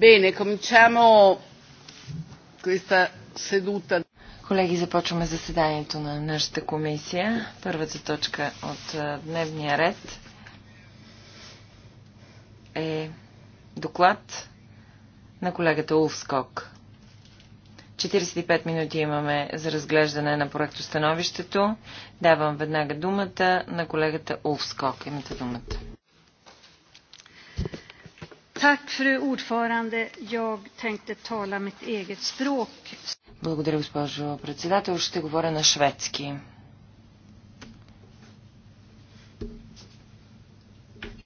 Bene, cominciamo questa seduta. Колеги, започваме заседанието на нашата комисия. Първата точка от дневния ред е доклад на колегата Улфскок. 45 минути имаме за разглеждане на проектостановището. Давам веднага думата на колегата Улфскок. Имате думата. Благодаря, госпожо председател. Ще говоря на шведски.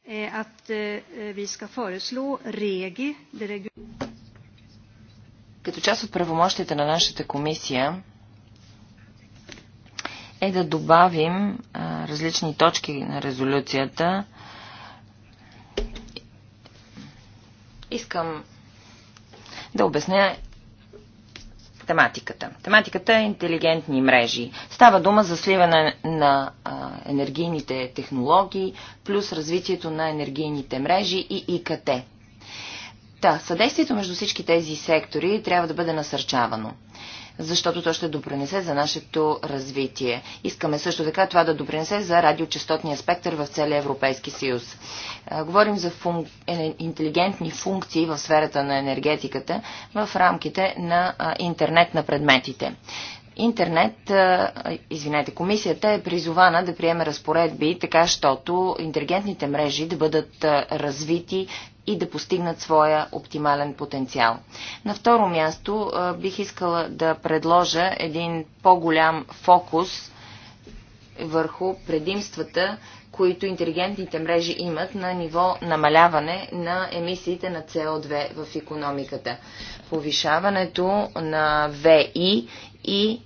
Е, е, Като част от правомощите на нашата комисия е да добавим различни точки на резолюцията, искам да обясня тематиката. Тематиката е интелигентни мрежи. Става дума за сливане на а, енергийните технологии, плюс развитието на енергийните мрежи и ИКТ. Та, да, съдействието между всички тези сектори трябва да бъде насърчавано защото то ще допринесе за нашето развитие. Искаме също така това да допринесе за радиочастотния спектър в целия Европейски съюз. Говорим за фун... Е, интелигентни функции в сферата на енергетиката в рамките на интернет на предметите. Интернет, извинете, комисията е призована да приеме разпоредби, така щото интелигентните мрежи да бъдат развити и да постигнат своя оптимален потенциал. На второ място бих искала да предложа един по-голям фокус върху предимствата, които интелигентните мрежи имат на ниво намаляване на емисиите на CO2 в економиката. Повишаването на ВИ и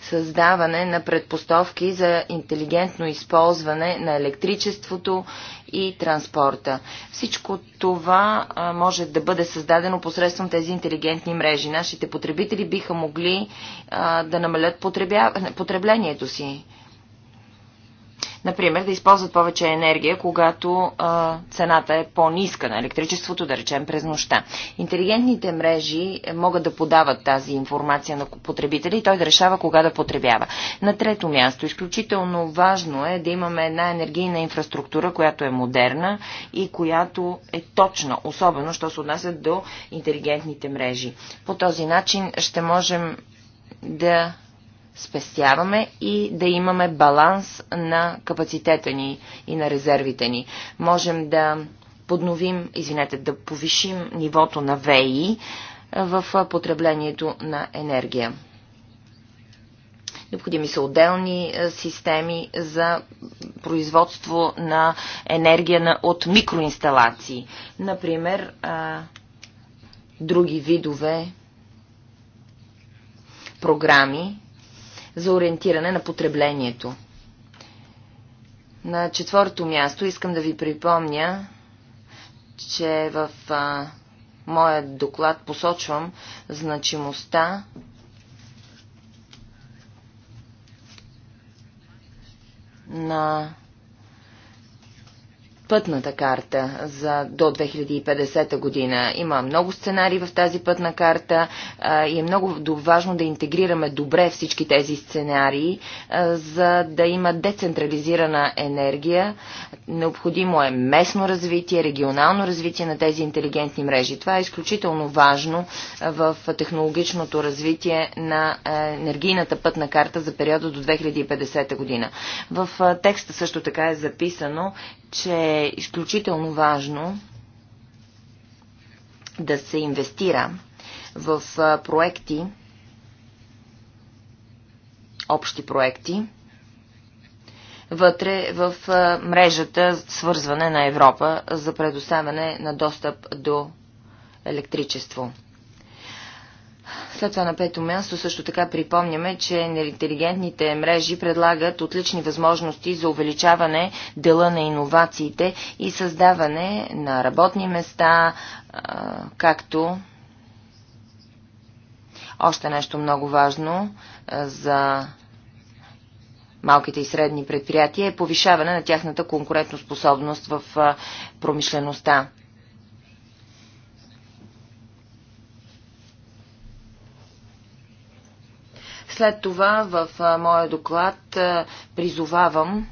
създаване на предпоставки за интелигентно използване на електричеството и транспорта. Всичко това а, може да бъде създадено посредством тези интелигентни мрежи. Нашите потребители биха могли а, да намалят потребя... потреблението си. Например, да използват повече енергия, когато а, цената е по-ниска на електричеството, да речем през нощта. Интелигентните мрежи е, могат да подават тази информация на потребителя и той да решава кога да потребява. На трето място, изключително важно е да имаме една енергийна инфраструктура, която е модерна и която е точна, особено, що се отнася до интелигентните мрежи. По този начин ще можем да спестяваме и да имаме баланс на капацитета ни и на резервите ни. Можем да подновим, извинете, да повишим нивото на ВИ в потреблението на енергия. Необходими са отделни системи за производство на енергия от микроинсталации. Например, други видове програми, за ориентиране на потреблението. На четвърто място искам да ви припомня, че в а, моя доклад посочвам значимостта на пътната карта за до 2050 година. Има много сценари в тази пътна карта а, и е много важно да интегрираме добре всички тези сценарии, а, за да има децентрализирана енергия. Необходимо е местно развитие, регионално развитие на тези интелигентни мрежи. Това е изключително важно в технологичното развитие на енергийната пътна карта за периода до 2050 година. В текста също така е записано, че е изключително важно да се инвестира в проекти, общи проекти, вътре в мрежата свързване на Европа за предоставяне на достъп до електричество. След това на пето място също така припомняме, че интелигентните мрежи предлагат отлични възможности за увеличаване дела на иновациите и създаване на работни места, както още нещо много важно за малките и средни предприятия е повишаване на тяхната конкурентоспособност в промишлеността. След това в моя доклад призовавам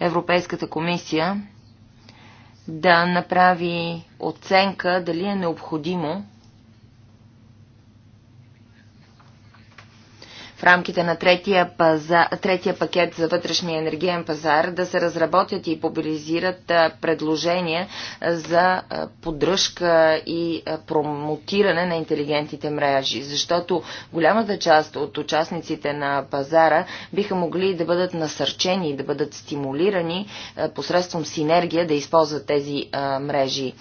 Европейската комисия да направи оценка дали е необходимо в рамките на третия, паза, третия пакет за вътрешния енергиен пазар да се разработят и мобилизират предложения за поддръжка и промотиране на интелигентните мрежи, защото голямата част от участниците на пазара биха могли да бъдат насърчени, да бъдат стимулирани посредством синергия да използват тези мрежи.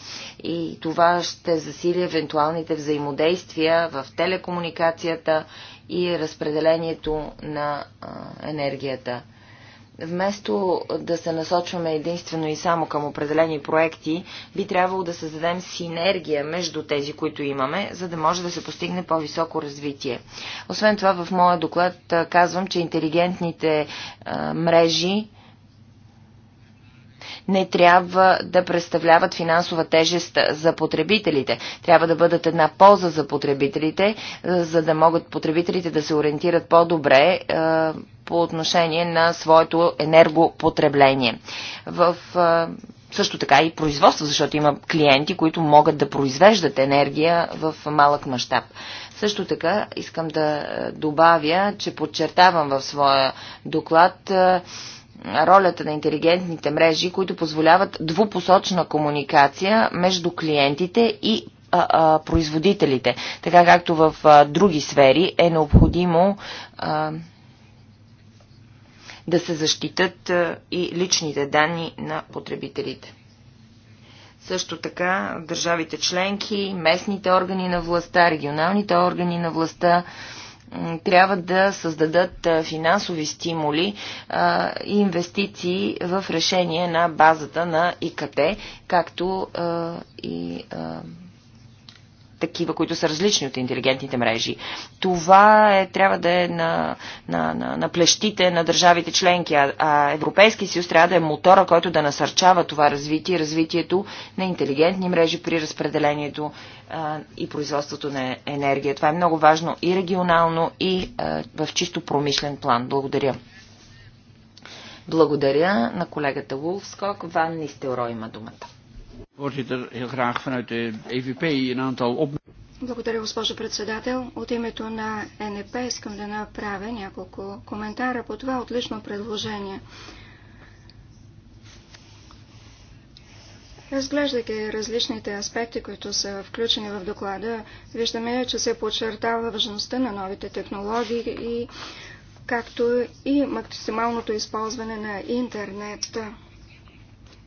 И това ще засили евентуалните взаимодействия в телекомуникацията и разпределението на енергията. Вместо да се насочваме единствено и само към определени проекти, би трябвало да създадем синергия между тези, които имаме, за да може да се постигне по-високо развитие. Освен това, в моя доклад казвам, че интелигентните мрежи не трябва да представляват финансова тежест за потребителите. Трябва да бъдат една полза за потребителите, е, за да могат потребителите да се ориентират по-добре е, по отношение на своето енергопотребление. В е, също така и производство, защото има клиенти, които могат да произвеждат енергия в малък мащаб. Също така искам да добавя, че подчертавам в своя доклад ролята на интелигентните мрежи, които позволяват двупосочна комуникация между клиентите и а, а, производителите. Така както в а, други сфери е необходимо а, да се защитат а, и личните данни на потребителите. Също така държавите членки, местните органи на властта, регионалните органи на властта, а, трябва да създадат финансови стимули и инвестиции в решение на базата на ИКТ, както и такива, които са различни от интелигентните мрежи. Това е, трябва да е на, на, на, на плещите на държавите членки, а, а Европейски съюз трябва да е мотора, който да насърчава това развитие, развитието на интелигентни мрежи при разпределението а, и производството на енергия. Това е много важно и регионално, и а, в чисто промишлен план. Благодаря. Благодаря на колегата Вулфскок. Ван Нистелро има думата. E Благодаря, госпожо председател. От името на НП искам да направя няколко коментара по това отлично предложение. Разглеждайки различните аспекти, които са включени в доклада, виждаме, че се подчертава важността на новите технологии и както и максималното използване на интернет.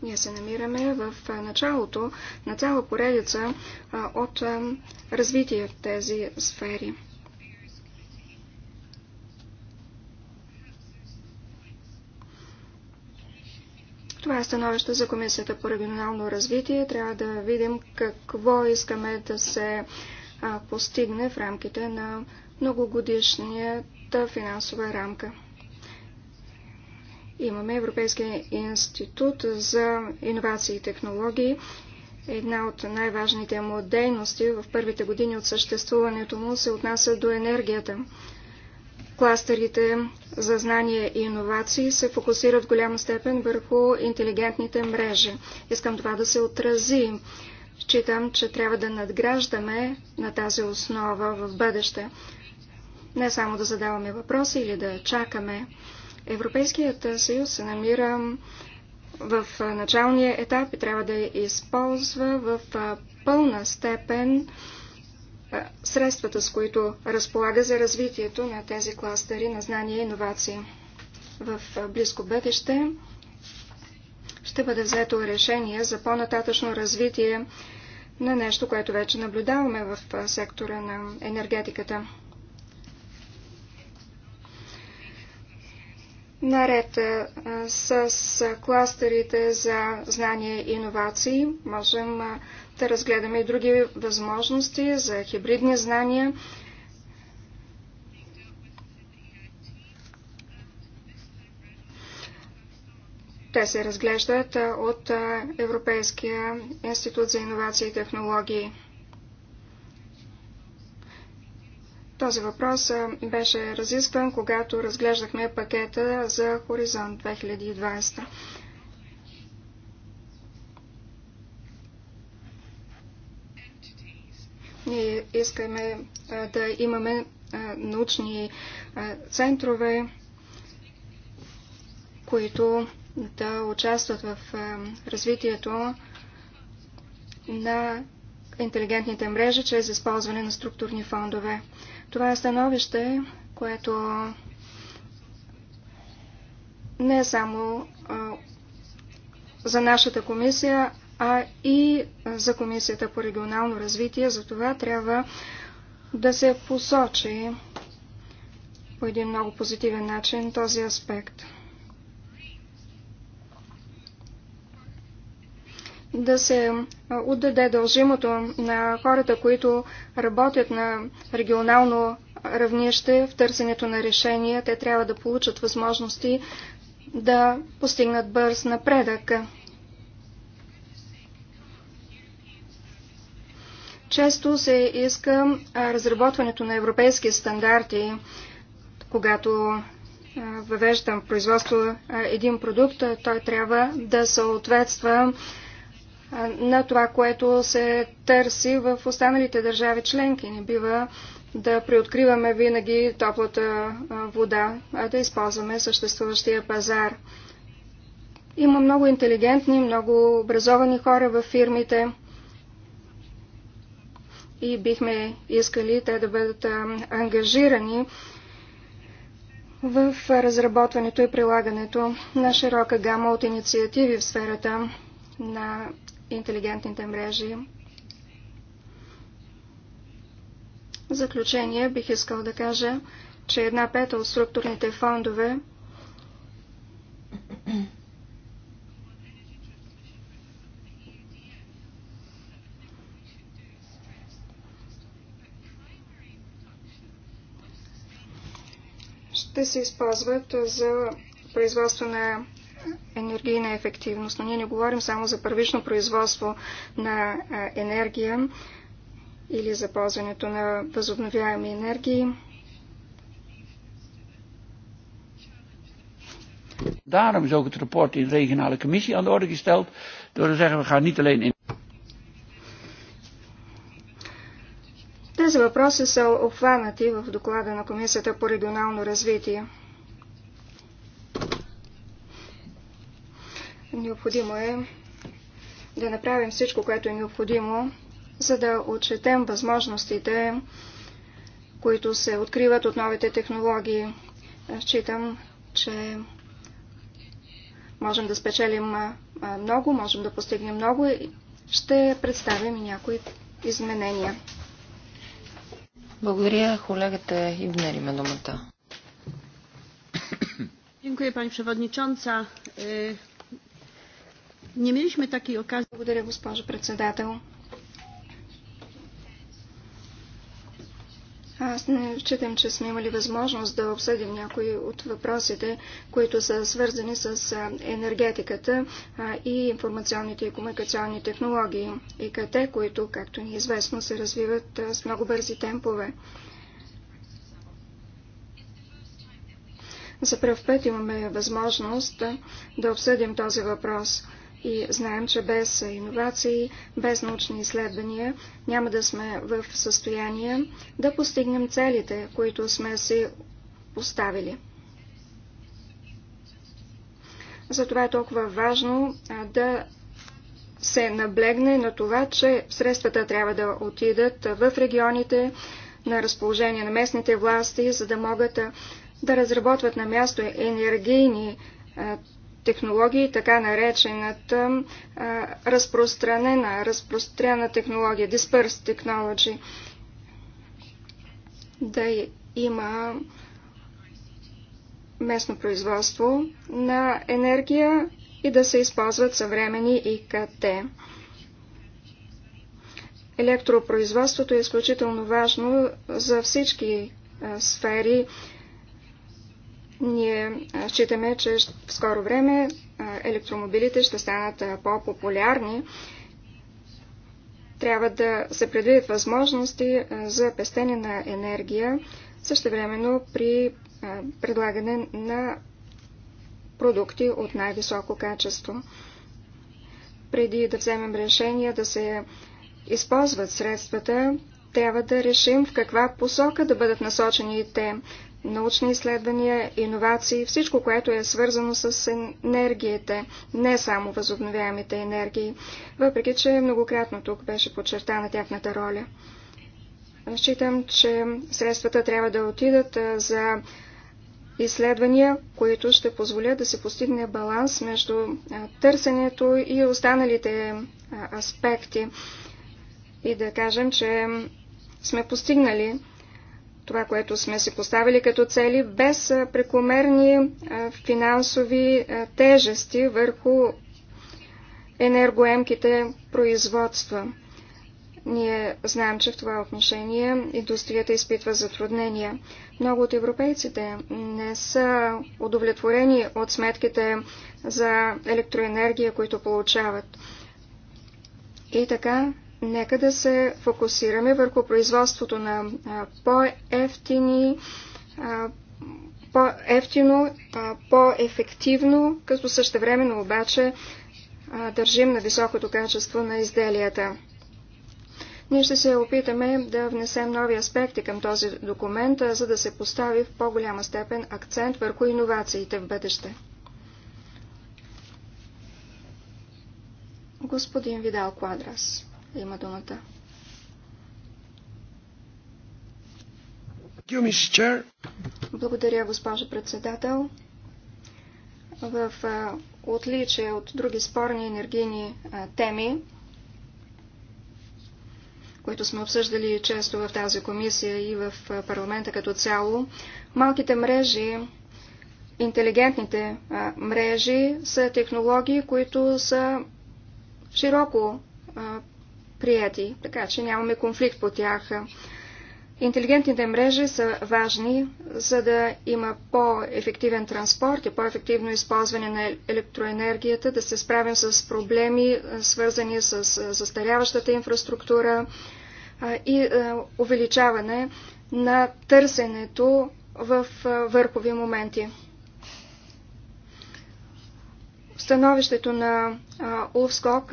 Ние се намираме в началото на цяла поредица от развитие в тези сфери. Това е становище за Комисията по регионално развитие. Трябва да видим какво искаме да се постигне в рамките на многогодишнията финансова рамка. Имаме Европейския институт за иновации и технологии. Една от най-важните му дейности в първите години от съществуването му се отнася до енергията. Кластерите за знания и иновации се фокусират в голяма степен върху интелигентните мрежи. Искам това да се отрази. Считам, че трябва да надграждаме на тази основа в бъдеще. Не само да задаваме въпроси или да чакаме. Европейският съюз се намира в началния етап и трябва да използва в пълна степен средствата, с които разполага за развитието на тези кластери на знания и иновации. В близко бъдеще ще бъде взето решение за по-нататъчно развитие на нещо, което вече наблюдаваме в сектора на енергетиката. Наред е, с е, кластерите за знания и иновации можем е, да разгледаме и други възможности за хибридни знания. Те се разглеждат от Европейския институт за иновации и технологии. Този въпрос беше разискван, когато разглеждахме пакета за Хоризонт 2020. Ние искаме да имаме научни центрове, които да участват в развитието на интелигентните мрежи чрез използване на структурни фондове. Това е становище, което не е само за нашата комисия, а и за Комисията по регионално развитие. За това трябва да се посочи по един много позитивен начин този аспект. да се отдаде дължимото на хората, които работят на регионално равнище в търсенето на решения. Те трябва да получат възможности да постигнат бърз напредък. Често се иска разработването на европейски стандарти, когато въвеждам в производство един продукт, той трябва да съответства на това, което се търси в останалите държави членки. Не бива да приоткриваме винаги топлата вода, а да използваме съществуващия пазар. Има много интелигентни, много образовани хора във фирмите и бихме искали те да бъдат ангажирани в разработването и прилагането на широка гама от инициативи в сферата на интелигентните мрежи. В заключение бих искал да кажа, че една пета от структурните фондове ще се използват за производство на енергийна ефективност, но ние не говорим само за първично производство на енергия или за ползването на възобновяеми енергии. Daarom is ook het rapport in de regionale commissie aan de orde gesteld door te zeggen we gaan niet alleen in. Deze vraag is Тези opvallend in het rapport van de commissie по регионално ontwikkeling. Необходимо е да направим всичко, което е необходимо, за да отчетем възможностите, които се откриват от новите технологии. Считам, че можем да спечелим много, можем да постигнем много и ще представим и някои изменения. Благодаря. Колегата Ибнер има думата. Dziękuję Pani Przewodnicząca. Nie mieliśmy takiej okazji. Благодаря, госпожо председател. Аз не считам, че сме имали възможност да обсъдим някои от въпросите, които са свързани с енергетиката и информационните и комуникационни технологии, ИКТ, които, както ни е известно, се развиват с много бързи темпове. За първ път имаме възможност да обсъдим този въпрос – и знаем, че без иновации, без научни изследвания няма да сме в състояние да постигнем целите, които сме си поставили. Затова е толкова важно да се наблегне на това, че средствата трябва да отидат в регионите на разположение на местните власти, за да могат да разработват на място енергийни технологии, така наречената а, разпространена, разпространена технология, dispersed technology, да има местно производство на енергия и да се използват съвремени ИКТ. Електропроизводството е изключително важно за всички а, сфери, ние считаме, че в скоро време електромобилите ще станат по-популярни. Трябва да се предвидят възможности за пестене на енергия, също времено при предлагане на продукти от най-високо качество. Преди да вземем решение да се използват средствата, трябва да решим в каква посока да бъдат насочени те научни изследвания, иновации, всичко, което е свързано с енергиите, не само възобновяемите енергии, въпреки че многократно тук беше подчертана тяхната роля. Считам, че средствата трябва да отидат за изследвания, които ще позволят да се постигне баланс между търсенето и останалите аспекти. И да кажем, че сме постигнали това, което сме си поставили като цели, без прекомерни финансови тежести върху енергоемките производства. Ние знаем, че в това отношение индустрията изпитва затруднения. Много от европейците не са удовлетворени от сметките за електроенергия, които получават. И така нека да се фокусираме върху производството на по-ефтини, по-ефтино, по-ефективно, като същевременно обаче държим на високото качество на изделията. Ние ще се опитаме да внесем нови аспекти към този документ, за да се постави в по-голяма степен акцент върху иновациите в бъдеще. Господин Видал Квадрас има думата. Благодаря, госпожо председател. В отличие от други спорни енергийни теми, които сме обсъждали често в тази комисия и в парламента като цяло, малките мрежи, интелигентните мрежи са технологии, които са широко прияти, така че нямаме конфликт по тях. Интелигентните мрежи са важни, за да има по-ефективен транспорт и по-ефективно използване на електроенергията, да се справим с проблеми, свързани с застаряващата инфраструктура и увеличаване на търсенето в върхови моменти. становището на Улфскок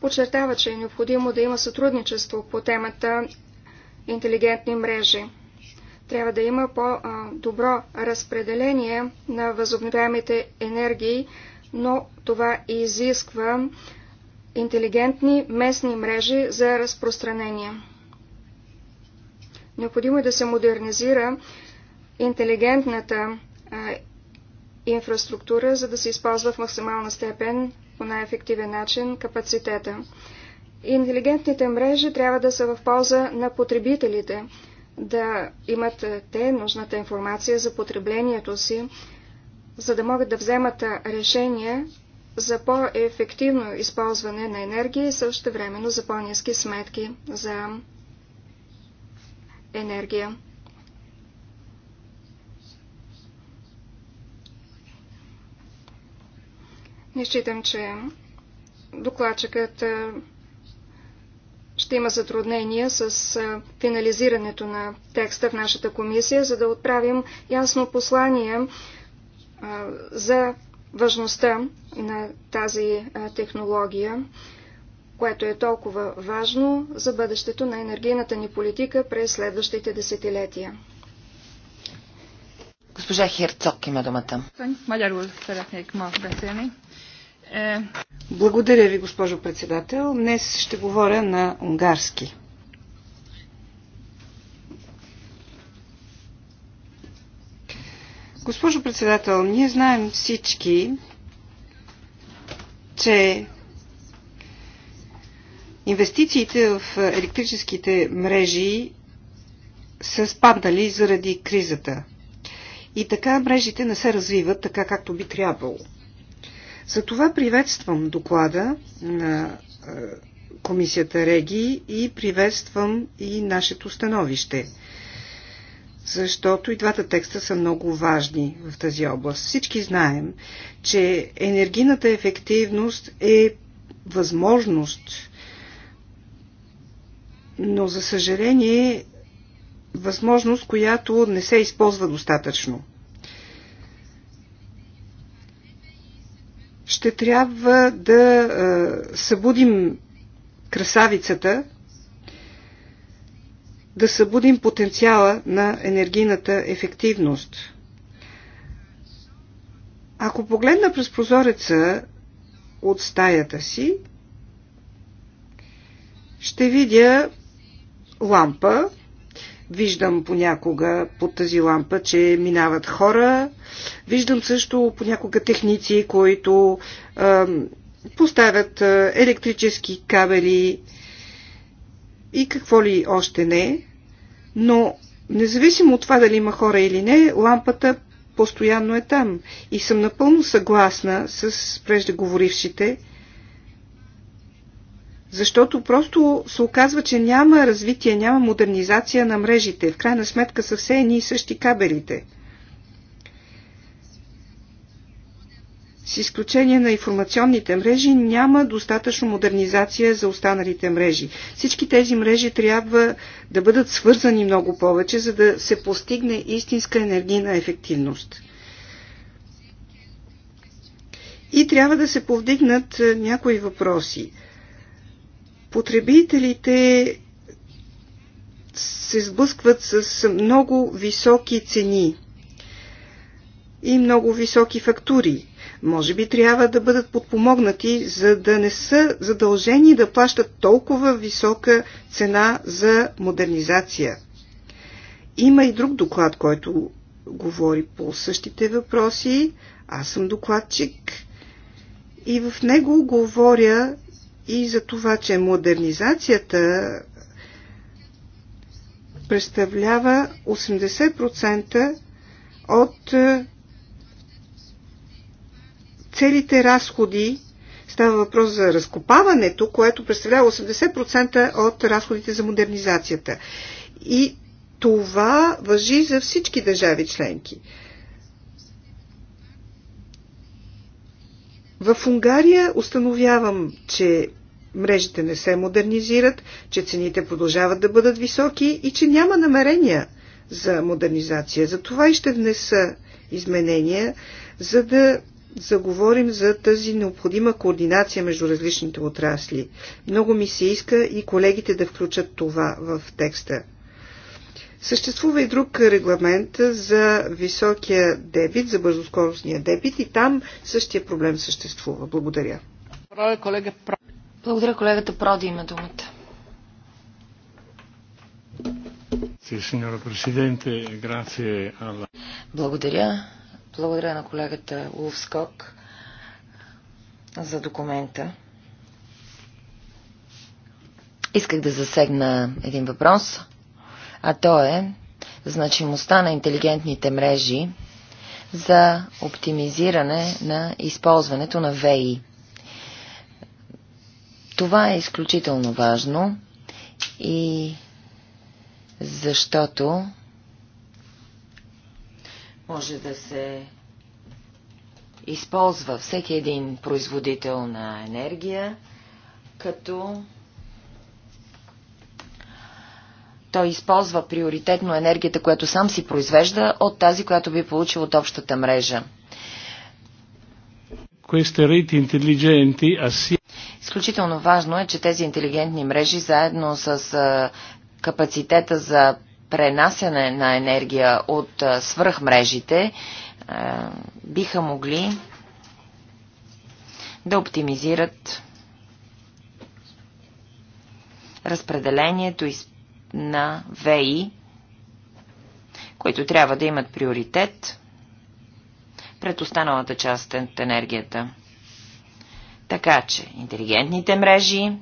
подчертава, че е необходимо да има сътрудничество по темата интелигентни мрежи. Трябва да има по-добро разпределение на възобновяемите енергии, но това изисква интелигентни местни мрежи за разпространение. Необходимо е да се модернизира интелигентната инфраструктура, за да се използва в максимална степен по най-ефективен начин капацитета. Интелигентните мрежи трябва да са в полза на потребителите, да имат те нужната информация за потреблението си, за да могат да вземат решения за по-ефективно използване на енергия и също времено за по-низки сметки за енергия. Не считам, че докладчикът ще има затруднения с финализирането на текста в нашата комисия, за да отправим ясно послание за важността на тази технология, което е толкова важно за бъдещето на енергийната ни политика през следващите десетилетия. Госпожа Херцог има думата. Е, Благодаря ви, госпожо председател. Днес ще говоря на унгарски. Госпожо председател, ние знаем всички, че инвестициите в електрическите мрежи са спаднали заради кризата. И така мрежите не се развиват така, както би трябвало. Затова приветствам доклада на е, Комисията Реги и приветствам и нашето становище, защото и двата текста са много важни в тази област. Всички знаем, че енергийната ефективност е възможност, но за съжаление възможност, която не се използва достатъчно – ще трябва да събудим красавицата, да събудим потенциала на енергийната ефективност. Ако погледна през прозореца от стаята си, ще видя лампа, Виждам понякога под тази лампа, че минават хора. Виждам също понякога техници, които а, поставят а, електрически кабели и какво ли още не. Но независимо от това дали има хора или не, лампата постоянно е там. И съм напълно съгласна с преждеговорившите, защото просто се оказва, че няма развитие, няма модернизация на мрежите. В крайна сметка са все едни и същи кабелите. С изключение на информационните мрежи няма достатъчно модернизация за останалите мрежи. Всички тези мрежи трябва да бъдат свързани много повече, за да се постигне истинска енергийна ефективност. И трябва да се повдигнат някои въпроси потребителите се сблъскват с много високи цени и много високи фактури. Може би трябва да бъдат подпомогнати, за да не са задължени да плащат толкова висока цена за модернизация. Има и друг доклад, който говори по същите въпроси. Аз съм докладчик и в него говоря и за това, че модернизацията представлява 80% от е, целите разходи. Става въпрос за разкопаването, което представлява 80% от разходите за модернизацията. И това въжи за всички държави членки. В Унгария установявам, че мрежите не се модернизират, че цените продължават да бъдат високи и че няма намерения за модернизация. За това и ще внеса изменения, за да заговорим за тази необходима координация между различните отрасли. Много ми се иска и колегите да включат това в текста. Съществува и друг регламент за високия дебит, за бързоскоростния дебит и там същия проблем съществува. Благодаря. Благодаря, колегата Проди има думата. Благодаря. Благодаря на колегата Лувскок за документа. Исках да засегна един въпрос а то е значимостта на интелигентните мрежи за оптимизиране на използването на ВИ. Това е изключително важно и защото може да се използва всеки един производител на енергия като той използва приоритетно енергията, която сам си произвежда, от тази, която би получил от общата мрежа. Изключително важно е, че тези интелигентни мрежи, заедно с капацитета за пренасяне на енергия от свръхмрежите, биха могли да оптимизират разпределението и на ВИ, които трябва да имат приоритет пред останалата част от енергията. Така че интелигентните мрежи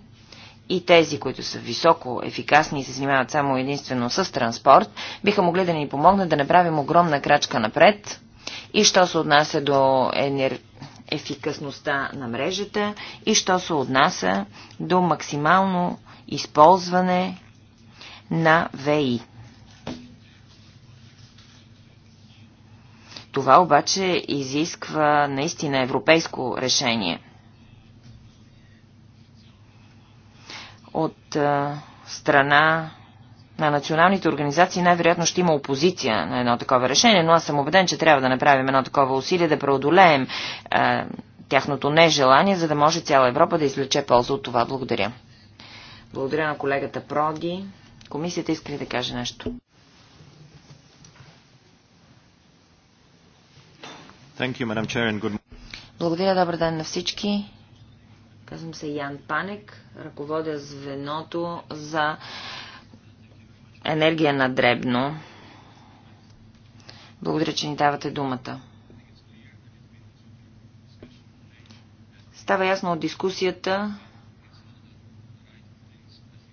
и тези, които са високо ефикасни и се занимават само единствено с транспорт, биха могли да ни помогнат да направим огромна крачка напред. И що се отнася до енер... ефикасността на мрежата, и що се отнася до максимално използване на ВИ. Това обаче изисква наистина европейско решение. От страна на националните организации най-вероятно ще има опозиция на едно такова решение, но аз съм убеден, че трябва да направим едно такова усилие да преодолеем е, тяхното нежелание, за да може цяла Европа да извлече полза от това. Благодаря. Благодаря на колегата Проги. Комисията иска ли да каже нещо? You, Благодаря, добър ден на всички. Казвам се Ян Панек, ръководя звеното за енергия на дребно. Благодаря, че ни давате думата. Става ясно от дискусията,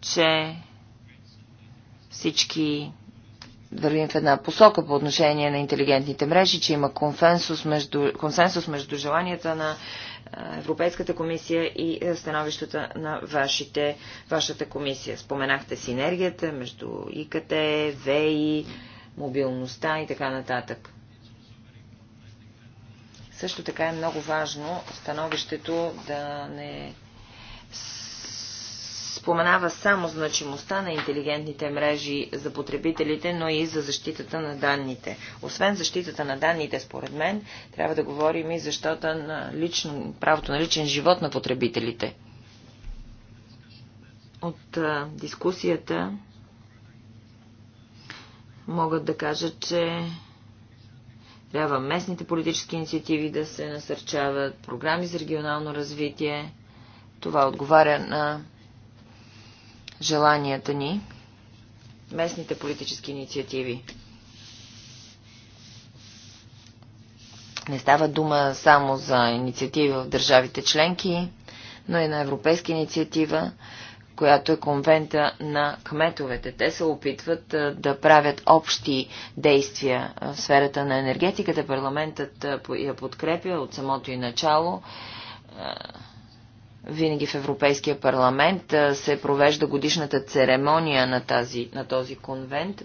че всички вървим в една посока по отношение на интелигентните мрежи, че има консенсус между, консенсус между желанията на Европейската комисия и е, становищата на вашите, вашата комисия. Споменахте синергията между ИКТ, ВИ, мобилността и така нататък. Също така е много важно становището да не споменава само значимостта на интелигентните мрежи за потребителите, но и за защитата на данните. Освен защитата на данните, според мен, трябва да говорим и защото на лично, правото на личен живот на потребителите. От а, дискусията могат да кажат, че трябва местните политически инициативи да се насърчават, програми за регионално развитие. Това отговаря на желанията ни, местните политически инициативи. Не става дума само за инициативи в държавите членки, но и на европейска инициатива, която е конвента на кметовете. Те се опитват да правят общи действия в сферата на енергетиката. Парламентът я подкрепя от самото и начало винаги в Европейския парламент се провежда годишната церемония на, тази, на този конвент,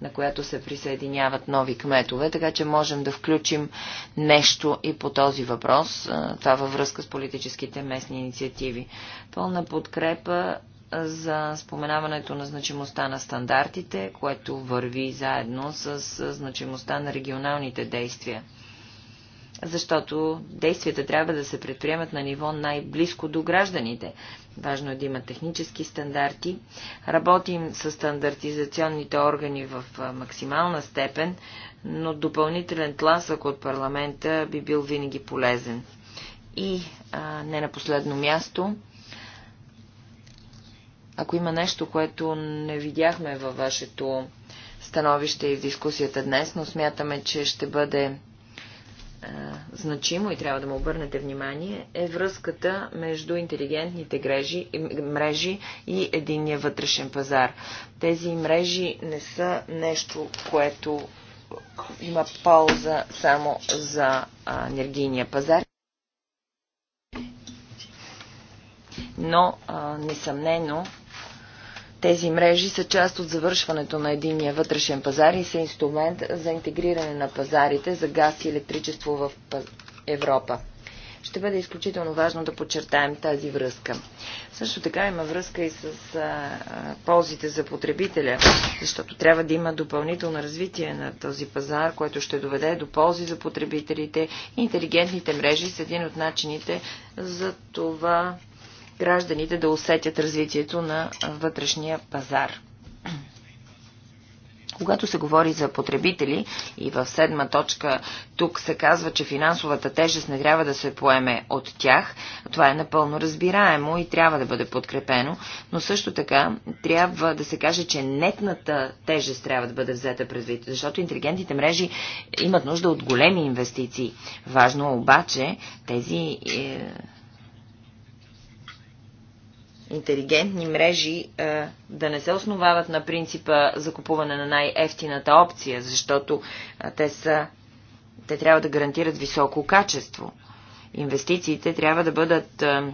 на която се присъединяват нови кметове, така че можем да включим нещо и по този въпрос, това във връзка с политическите местни инициативи. Пълна подкрепа за споменаването на значимостта на стандартите, което върви заедно с значимостта на регионалните действия защото действията трябва да се предприемат на ниво най-близко до гражданите. Важно е да има технически стандарти. Работим с стандартизационните органи в максимална степен, но допълнителен тласък от парламента би бил винаги полезен. И а, не на последно място, ако има нещо, което не видяхме във вашето становище и в дискусията днес, но смятаме, че ще бъде е, значимо и трябва да му обърнете внимание, е връзката между интелигентните грежи, мрежи и единния вътрешен пазар. Тези мрежи не са нещо, което има полза само за енергийния пазар, но а, несъмнено тези мрежи са част от завършването на единия вътрешен пазар и са инструмент за интегриране на пазарите за газ и електричество в Европа. Ще бъде изключително важно да подчертаем тази връзка. Също така има връзка и с а, а, ползите за потребителя, защото трябва да има допълнително развитие на този пазар, което ще доведе до ползи за потребителите. Интелигентните мрежи са един от начините за това гражданите да усетят развитието на вътрешния пазар. Когато се говори за потребители и в седма точка тук се казва, че финансовата тежест не трябва да се поеме от тях, това е напълно разбираемо и трябва да бъде подкрепено, но също така трябва да се каже, че нетната тежест трябва да бъде взета предвид, защото интелигентните мрежи имат нужда от големи инвестиции. Важно е обаче тези е, интелигентни мрежи а, да не се основават на принципа за купуване на най-ефтината опция, защото а, те, са, те трябва да гарантират високо качество. Инвестициите трябва да бъдат а,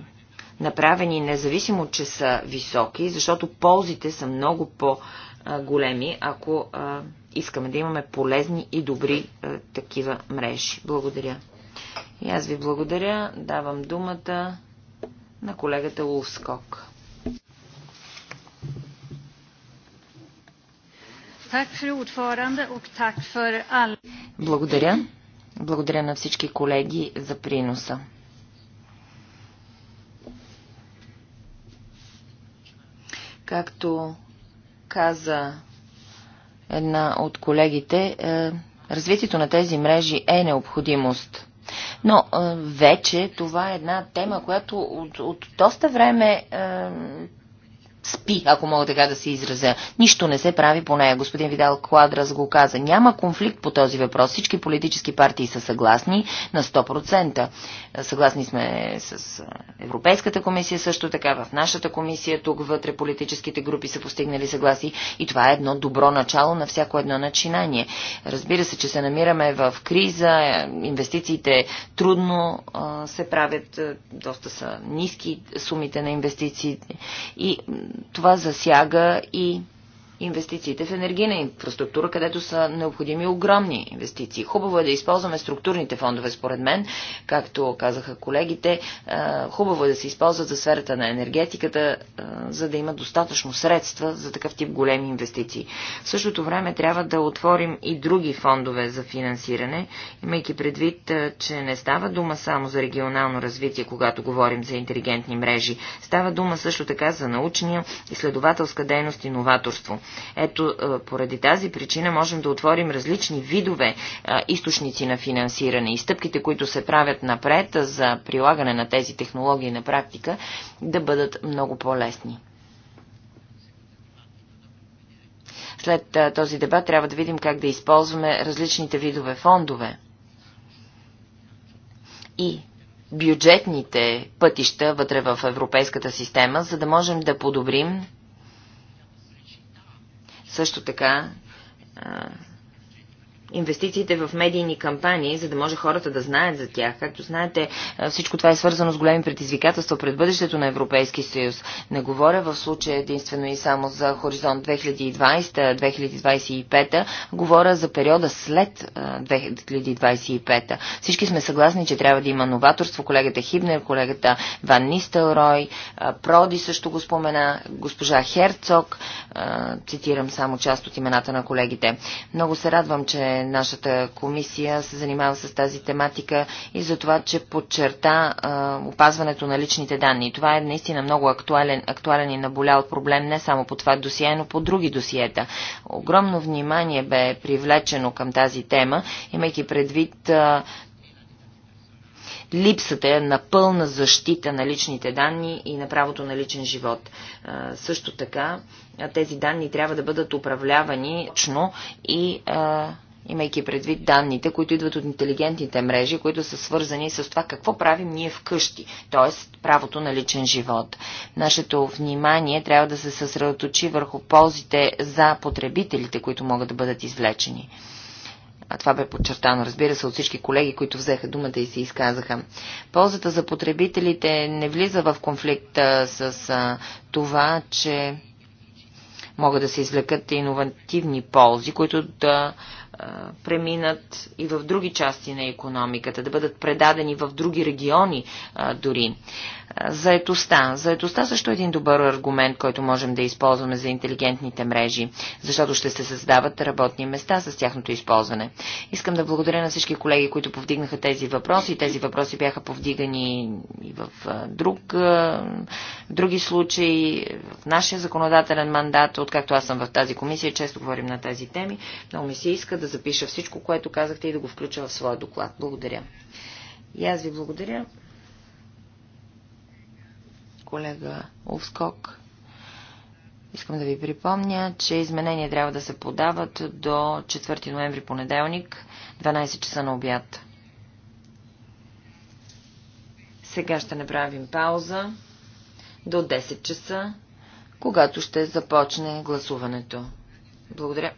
направени независимо, че са високи, защото ползите са много по-големи, ако искаме да имаме полезни и добри такива мрежи. Благодаря. И аз ви благодаря. Давам думата на колегата Лувскок. Благодаря. Благодаря на всички колеги за приноса. Както каза една от колегите, е, развитието на тези мрежи е необходимост. Но вече това е една тема, която от, от доста време спи, ако мога така да се изразя. Нищо не се прави по нея. Господин Видал Квадрас го каза. Няма конфликт по този въпрос. Всички политически партии са съгласни на 100%. Съгласни сме с Европейската комисия също така, в нашата комисия, тук вътре политическите групи са постигнали съгласи и това е едно добро начало на всяко едно начинание. Разбира се, че се намираме в криза, е, инвестициите трудно се правят, е, доста са ниски сумите на инвестиции и това засяга и инвестициите в енергийна инфраструктура, където са необходими огромни инвестиции. Хубаво е да използваме структурните фондове, според мен, както казаха колегите. Е, хубаво е да се използват за сферата на енергетиката, е, за да има достатъчно средства за такъв тип големи инвестиции. В същото време трябва да отворим и други фондове за финансиране, имайки предвид, е, че не става дума само за регионално развитие, когато говорим за интелигентни мрежи. Става дума също така за научния, изследователска дейност и новаторство. Ето, е, поради тази причина можем да отворим различни видове е, източници на финансиране и стъпките, които се правят напред е, за прилагане на тези технологии на практика, да бъдат много по-лесни. След този дебат трябва да видим как да използваме различните видове фондове и бюджетните пътища вътре в европейската система, за да можем да подобрим също така инвестициите в медийни кампании, за да може хората да знаят за тях. Както знаете, всичко това е свързано с големи предизвикателства пред бъдещето на Европейски съюз. Не говоря в случая единствено и само за хоризонт 2020-2025, говоря за периода след 2025. Всички сме съгласни, че трябва да има новаторство. Колегата Хибнер, колегата Ван Нистелрой, Проди също го спомена, госпожа Херцог, цитирам само част от имената на колегите. Много се радвам, че нашата комисия се занимава с тази тематика и за това, че подчерта а, опазването на личните данни. И това е наистина много актуален, актуален и наболял проблем не само по това досие, но по други досиета. Огромно внимание бе привлечено към тази тема, имайки предвид а, липсата на пълна защита на личните данни и на правото на личен живот. А, също така, тези данни трябва да бъдат управлявани точно и а, имайки предвид данните, които идват от интелигентните мрежи, които са свързани с това какво правим ние вкъщи, т.е. правото на личен живот. Нашето внимание трябва да се съсредоточи върху ползите за потребителите, които могат да бъдат извлечени. А това бе подчертано, разбира се, от всички колеги, които взеха думата и се изказаха. Ползата за потребителите не влиза в конфликт с това, че могат да се извлекат иновативни ползи, които да преминат и в други части на економиката, да бъдат предадени в други региони дори. Заетостта. Заетостта също е един добър аргумент, който можем да използваме за интелигентните мрежи, защото ще се създават работни места с тяхното използване. Искам да благодаря на всички колеги, които повдигнаха тези въпроси. Тези въпроси бяха повдигани и в друг, други случаи, в нашия законодателен мандат, откакто аз съм в тази комисия, често говорим на тези теми. Много ми се иска да запиша всичко, което казахте и да го включа в своя доклад. Благодаря. И аз ви благодаря колега Овскок. Искам да ви припомня, че изменения трябва да се подават до 4 ноември понеделник, 12 часа на обяд. Сега ще направим пауза до 10 часа, когато ще започне гласуването. Благодаря.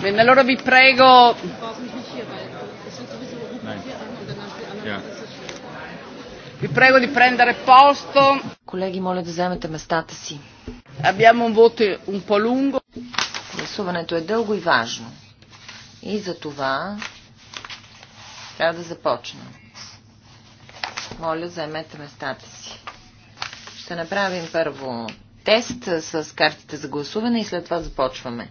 Bene, allora vi prego. Ви прего di prendere posto. Колеги, моля да вземете местата си. Abbiamo un voto un po' lungo. Гласуването е дълго и важно. И за това трябва да започнем. Моля, заемете местата си. Ще направим първо тест с картите за гласуване и след това започваме.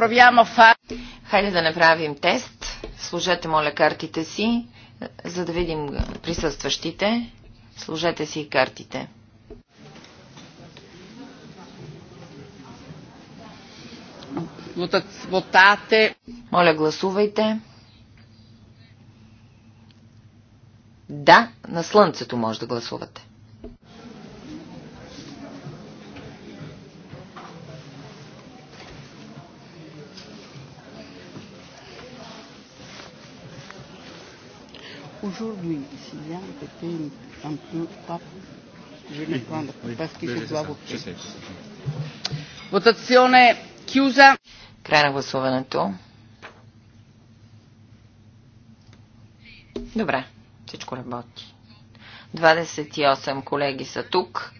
Proviamo fa... Хайде да направим тест. Служете, моля, картите си, за да видим присъстващите. Служете си картите. Вотате. Моля, гласувайте. Да, на слънцето може да гласувате. aujourd'hui, s'il y a un côté un peu pas, je vais prendre oui, parce que je dois voter. Votazione chiusa. Край на гласуването. Добре, всичко работи. 28 колеги са тук.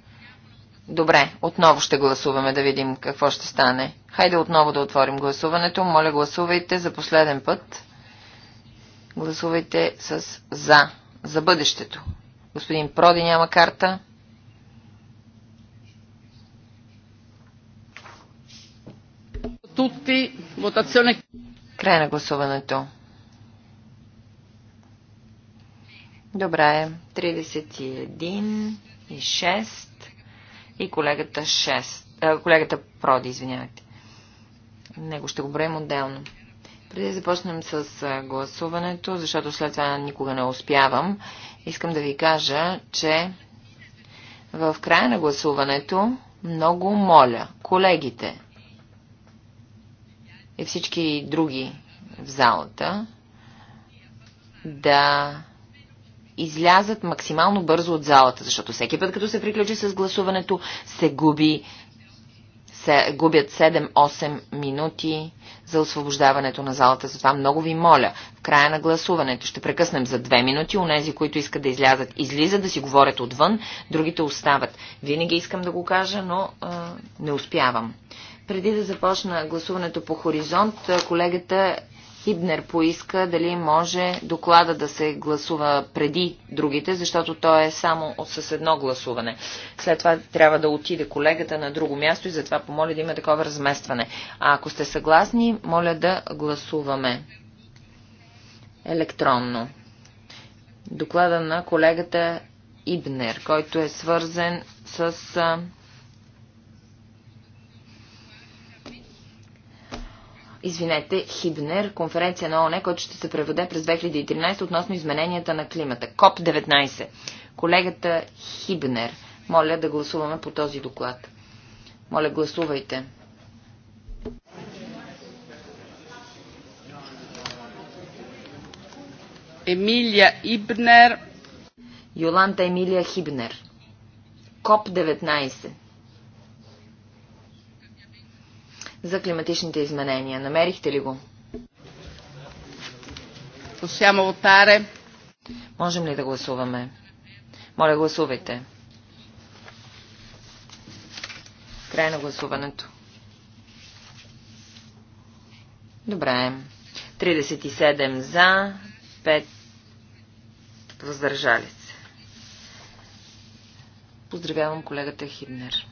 Добре, отново ще гласуваме да видим какво ще стане. Хайде отново да отворим гласуването. Моля гласувайте за последен път. Гласувайте с за. За бъдещето. Господин Проди няма карта. вотационе. Край на гласуването. Добре, 31 и 6 и колегата 6. колегата Проди, извинявайте. Него ще го броим отделно. Преди да започнем с гласуването, защото след това никога не успявам, искам да ви кажа, че в края на гласуването много моля колегите и всички други в залата да излязат максимално бързо от залата, защото всеки път, като се приключи с гласуването, се губи се губят 7-8 минути за освобождаването на залата. Затова много ви моля, в края на гласуването ще прекъснем за 2 минути. Онези, които искат да излязат, излизат да си говорят отвън, другите остават. Винаги искам да го кажа, но а, не успявам. Преди да започна гласуването по хоризонт, колегата Хибнер поиска дали може доклада да се гласува преди другите, защото той е само с едно гласуване. След това трябва да отиде колегата на друго място и затова помоля да има такова разместване. А ако сте съгласни, моля да гласуваме електронно. Доклада на колегата Ибнер, който е свързан с извинете, Хибнер, конференция на ОНЕ, който ще се преведе през 2013 относно измененията на климата. КОП-19. Колегата Хибнер. Моля да гласуваме по този доклад. Моля, гласувайте. Емилия Ибнер. Йоланта Емилия Хибнер. КОП-19. за климатичните изменения. Намерихте ли го? Possiamo votare. Можем ли да гласуваме? Моля, гласувайте. Край на гласуването. Добре. 37 за, 5 въздържали се. Поздравявам колегата Хибнер.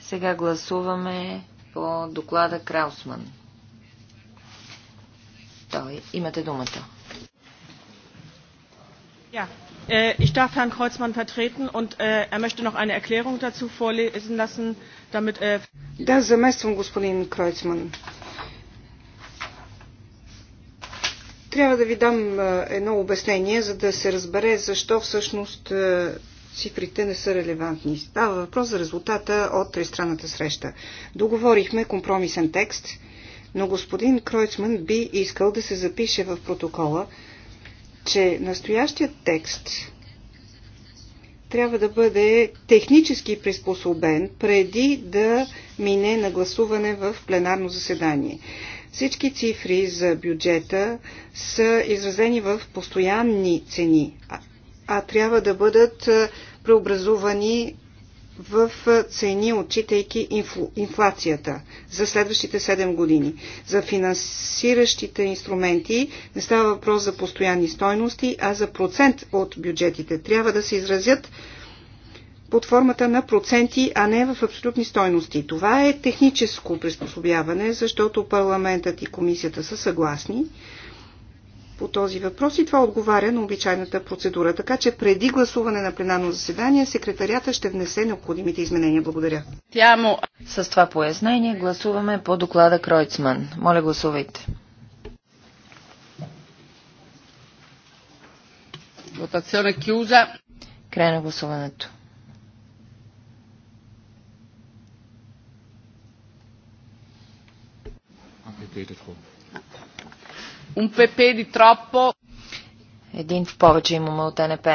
Сега гласуваме по доклада Краусман. Той, имате думата. Ja, äh, ich darf Herrn Kreuzmann vertreten und äh, er möchte noch eine Erklärung dazu vorlesen lassen, damit er... Да, замествам господин Кройцман. Трябва да ви дам э, едно обяснение, за да се разбере защо всъщност э, цифрите не са релевантни. Става въпрос за резултата от тристранната среща. Договорихме компромисен текст, но господин Кройцман би искал да се запише в протокола, че настоящият текст трябва да бъде технически приспособен преди да мине на гласуване в пленарно заседание. Всички цифри за бюджета са изразени в постоянни цени, а трябва да бъдат е, преобразувани в е, цени, отчитайки инфл... инфлацията за следващите 7 години. За финансиращите инструменти не става въпрос за постоянни стойности, а за процент от бюджетите. Трябва да се изразят под формата на проценти, а не в абсолютни стойности. Това е техническо приспособяване, защото парламентът и комисията са съгласни, по този въпрос и това отговаря на обичайната процедура. Така че преди гласуване на пленарно заседание секретарията ще внесе необходимите изменения. Благодаря. Тямо. С това пояснение гласуваме по доклада Кройцман. Моля гласувайте. Ротационна chiusa. Край на гласуването. Апетитът хубаво. Un PP di troppo. Един в повече имаме от НП.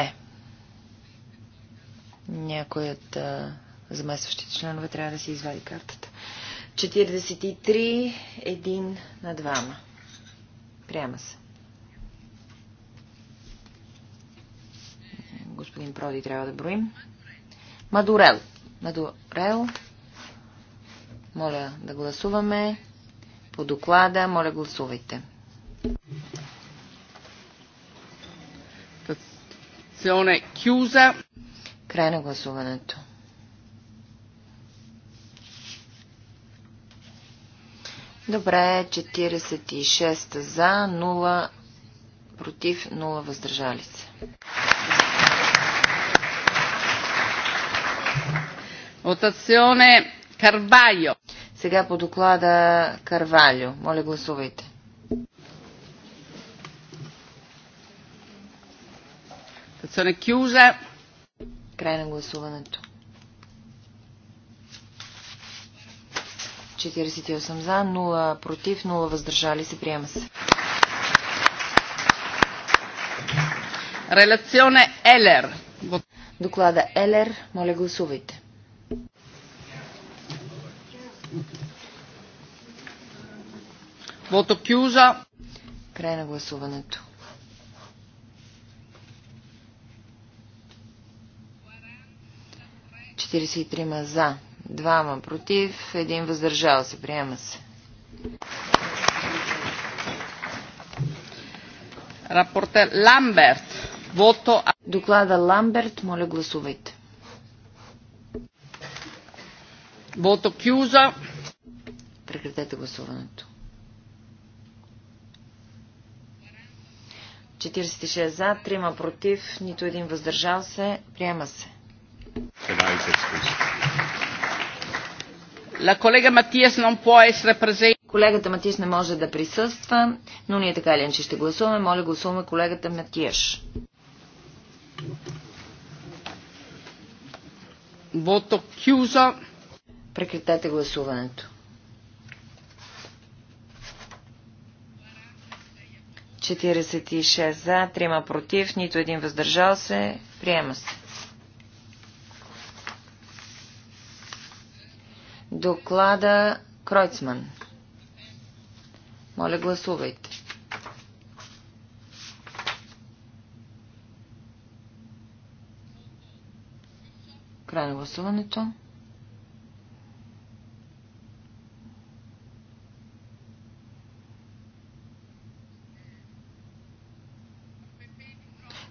Някой от а, заместващите членове трябва да си извади картата. 43, един на двама. Приема се. Господин Проди трябва да броим. Мадурел. Мадурел. Моля да гласуваме. По доклада, моля гласувайте. Край на гласуването. Добре, 46 за, 0 против, 0 въздържали се. Отационе Карвалио. Сега по доклада Карвалио. Моля гласувайте. Votazione Край на гласуването. 48 за, 0 против, 0 въздържали се. Приема се. Релационе Елер. Доклада Елер. Моля гласувайте. Вото Кюжа. Край на гласуването. 43 за, 2 против, 1 въздържал се. Приема се. Рапортер Ламберт. Вото... Доклада Ламберт, моля гласувайте. Вото Кюза. Прекратете гласуването. 46 за, 3 против, нито един въздържал се. Приема се. Колегата Матиш не може да присъства, но ние така или иначе ще гласуваме. Моля, гласуваме колегата Матиш. Вото Кюза. Прекратете гласуването. 46 за, 3 против, нито един въздържал се. Приема се. доклада Кройцман. Моля, гласувайте. Край на гласуването.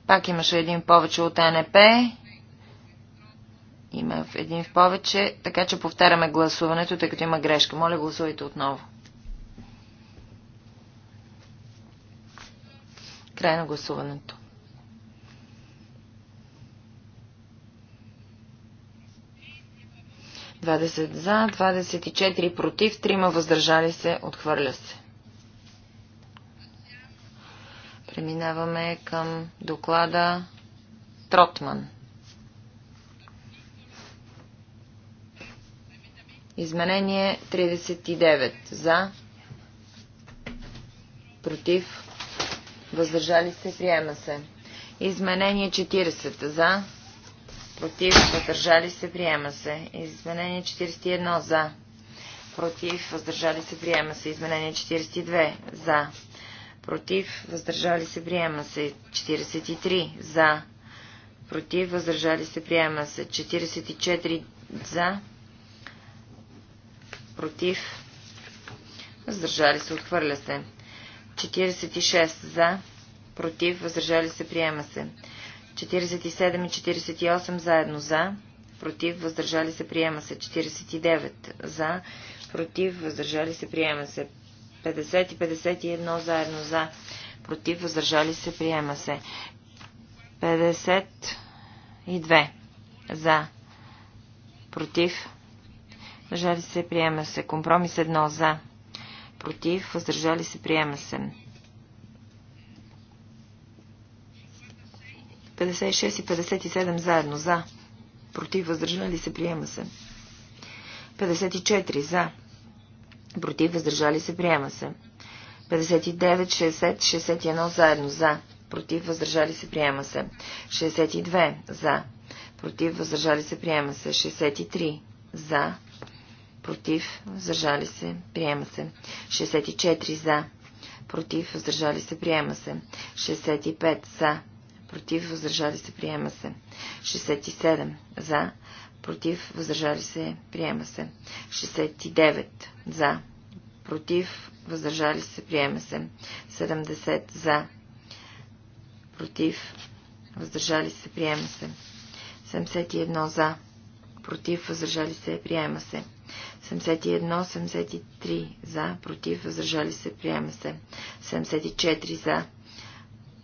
Пак имаше един повече от НП. Има в един в повече, така че повтаряме гласуването, тъй като има грешка. Моля, гласувайте отново. Край на гласуването. Двадесет за, 24 против, 3 въздържали се, отхвърля се. Преминаваме към доклада Тротман. Изменение 39. За. Против. Въздържали се. Приема се. Изменение 40. За. Против. Въздържали се. Приема се. Изменение 41. За. Против. Въздържали се. Приема се. Изменение 42. За. Против. Въздържали се. Приема се. 43. За. Против. Въздържали се. Приема се. 44. За против, въздържали се, отхвърля се. 46 за, против, въздържали се, приема се. 47 и 48 заедно за, против, въздържали се, приема се. 49 за, против, въздържали се, приема се. 50 и 51 заедно за, против, въздържали се, приема се. 52 за, против, Въздържали се, приема се. Компромис едно за. Против, въздържали се, приема се. 56 и 57 заедно за. Против, въздържали се, приема се. 54 за. Против, въздържали се, приема се. 59, 60, 61 заедно за. Против, въздържали се, приема се. 62 за. Против, въздържали се, приема се. 63 за против, въздържали се, приема се. 64 за, против, въздържали се, приема се. 65 за, против, въздържали се, приема се. 67 за, против, въздържали се, приема се. 69 за, против, въздържали се, приема се. 70 за, против, въздържали се, приема се. 71 за, против, въздържали се, приема се. 71, 73 за, против, въздържали се, приема се. 74 за,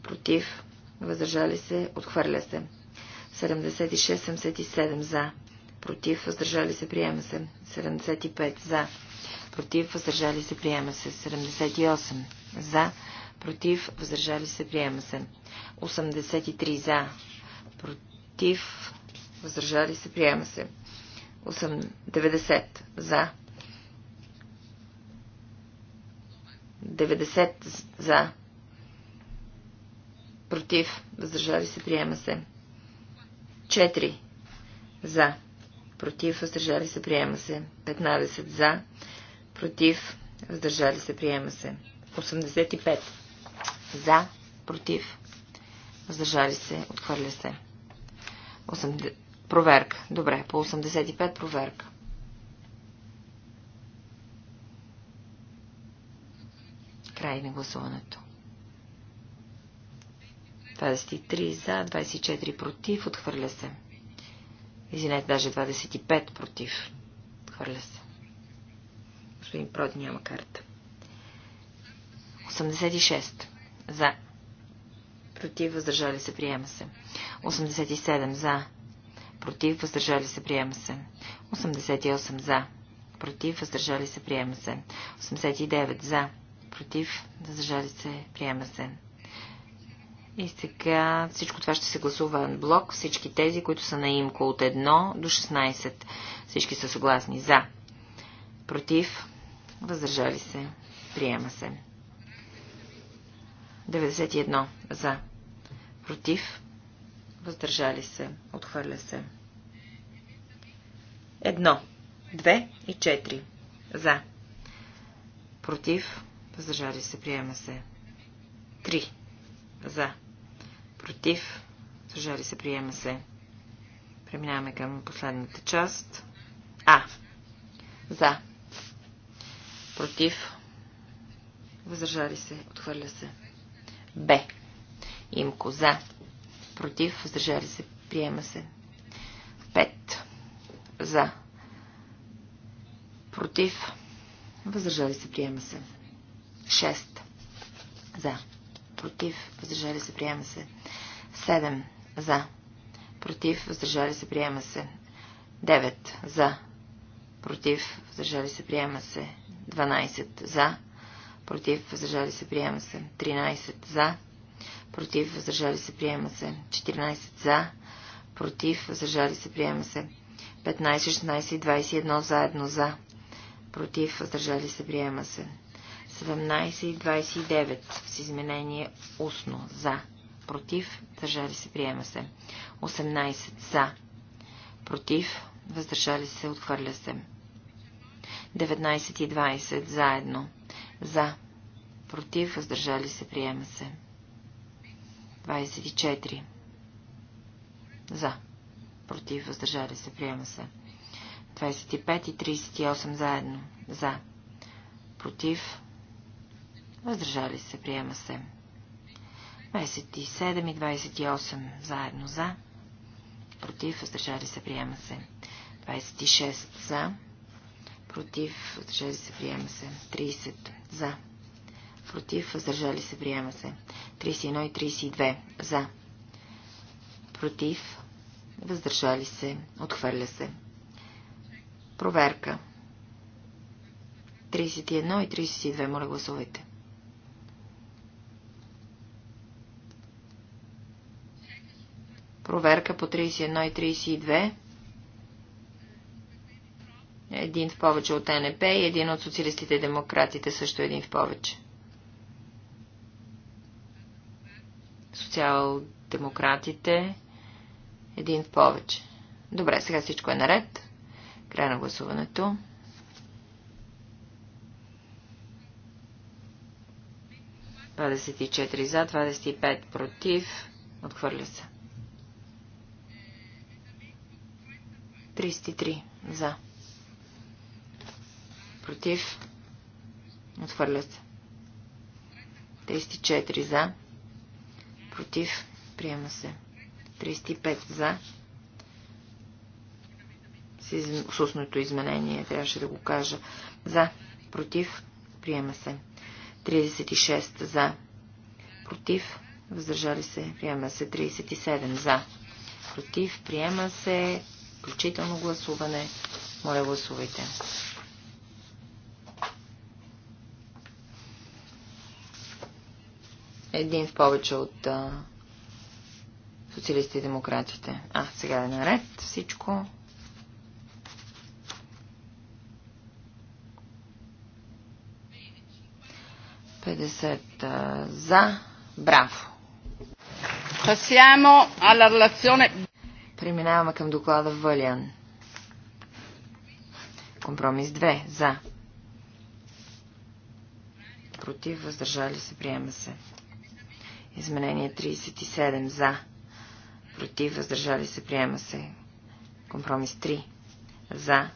против, въздържали се, отхвърля се. 76, 77 за, против, въздържали се, приема се. 75 за, против, въздържали се, приема се. 78 за, против, въздържали се, приема се. 83 за, против, въздържали се, приема се. 90 за. 90 за. Против. Въздържали се. Приема се. 4 за. Против. Въздържали се. Приема се. 15 за. Против. Въздържали се. Приема се. 85 за. Против. Въздържали се. Отхвърля се. Проверка. Добре, по 85 проверка. Край на гласуването. 23 за, 24 против, отхвърля се. Извинете, даже 25 против. Отхвърля се. Господин Прод няма карта. 86 за. Против, въздържали се, приема се. 87 за против, въздържали се, приема се. 88 за, против, въздържали се, приема се. 89 за, против, въздържали се, приема се. И сега всичко това ще се гласува блок. Всички тези, които са на имко от 1 до 16. Всички са съгласни. За. Против. Въздържали се. Приема се. 91. За. Против. Въздържали се. Отхвърля се. Едно, 2 и 4. За. Против. Въздържали се. Приема се. Три. За. Против. Въздържали се. Приема се. Преминаваме към последната част. А. За. Против. Въздържали се. Отхвърля се. Б. Имко. За. Против. Въздържали се. Приема се. Пет. За. Против. Въздържали се. Приема се. 6. За. Против. Въздържали се. Приема се. 7. За. Против. Въздържали се. Приема се. 9. За. Против. Въздържали се. Приема се. 12. За. Против. Въздържали се. Приема се. 13. За. Против. Въздържали се. Приема се. 14. За. Против. Въздържали се. Приема се. 15, 16 и 21 заедно за. Против, въздържали се, приема се. 17 и 29 с изменение устно за. Против, въздържали се, приема се. 18 за. Против, въздържали се, отхвърля се. 19 и 20 заедно. За. Против, въздържали се, приема се. 24. За против, въздържали се, приема се. 25 и 38 заедно, за, против, въздържали се, приема се. 27 и 28 заедно, за, против, въздържали се, приема се. 26 за, против, въздържали се, приема се. 30 за, против, въздържали се, приема се. 31 и 32 за, против, Въздържали се. Отхвърля се. Проверка. 31 и 32. Моля гласувайте. Проверка по 31 и 32. Един в повече от НП и един от социалистите и демократите също един в повече. Социал-демократите един в повече. Добре, сега всичко е наред. Край на гласуването. Двадесет четири за, 25 против. Отхвърля се. 33 за. Против. Отхвърля се. 34 за. Против. Приема се. 35 за. С, из... с устното изменение трябваше да го кажа. За. Против. Приема се. 36 за. Против. Въздържали се. Приема се. 37 за. Против. Приема се. Включително гласуване. Моля, гласувайте. Един в повече от социалистите и демократите. А, сега е наред всичко. за. Браво! alla relazione. Преминаваме към доклада Вълиан. Компромис 2. За. Против. Въздържали се. Приема се. Изменение 37. За против, въздържали се, приема се. Компромис 3. За,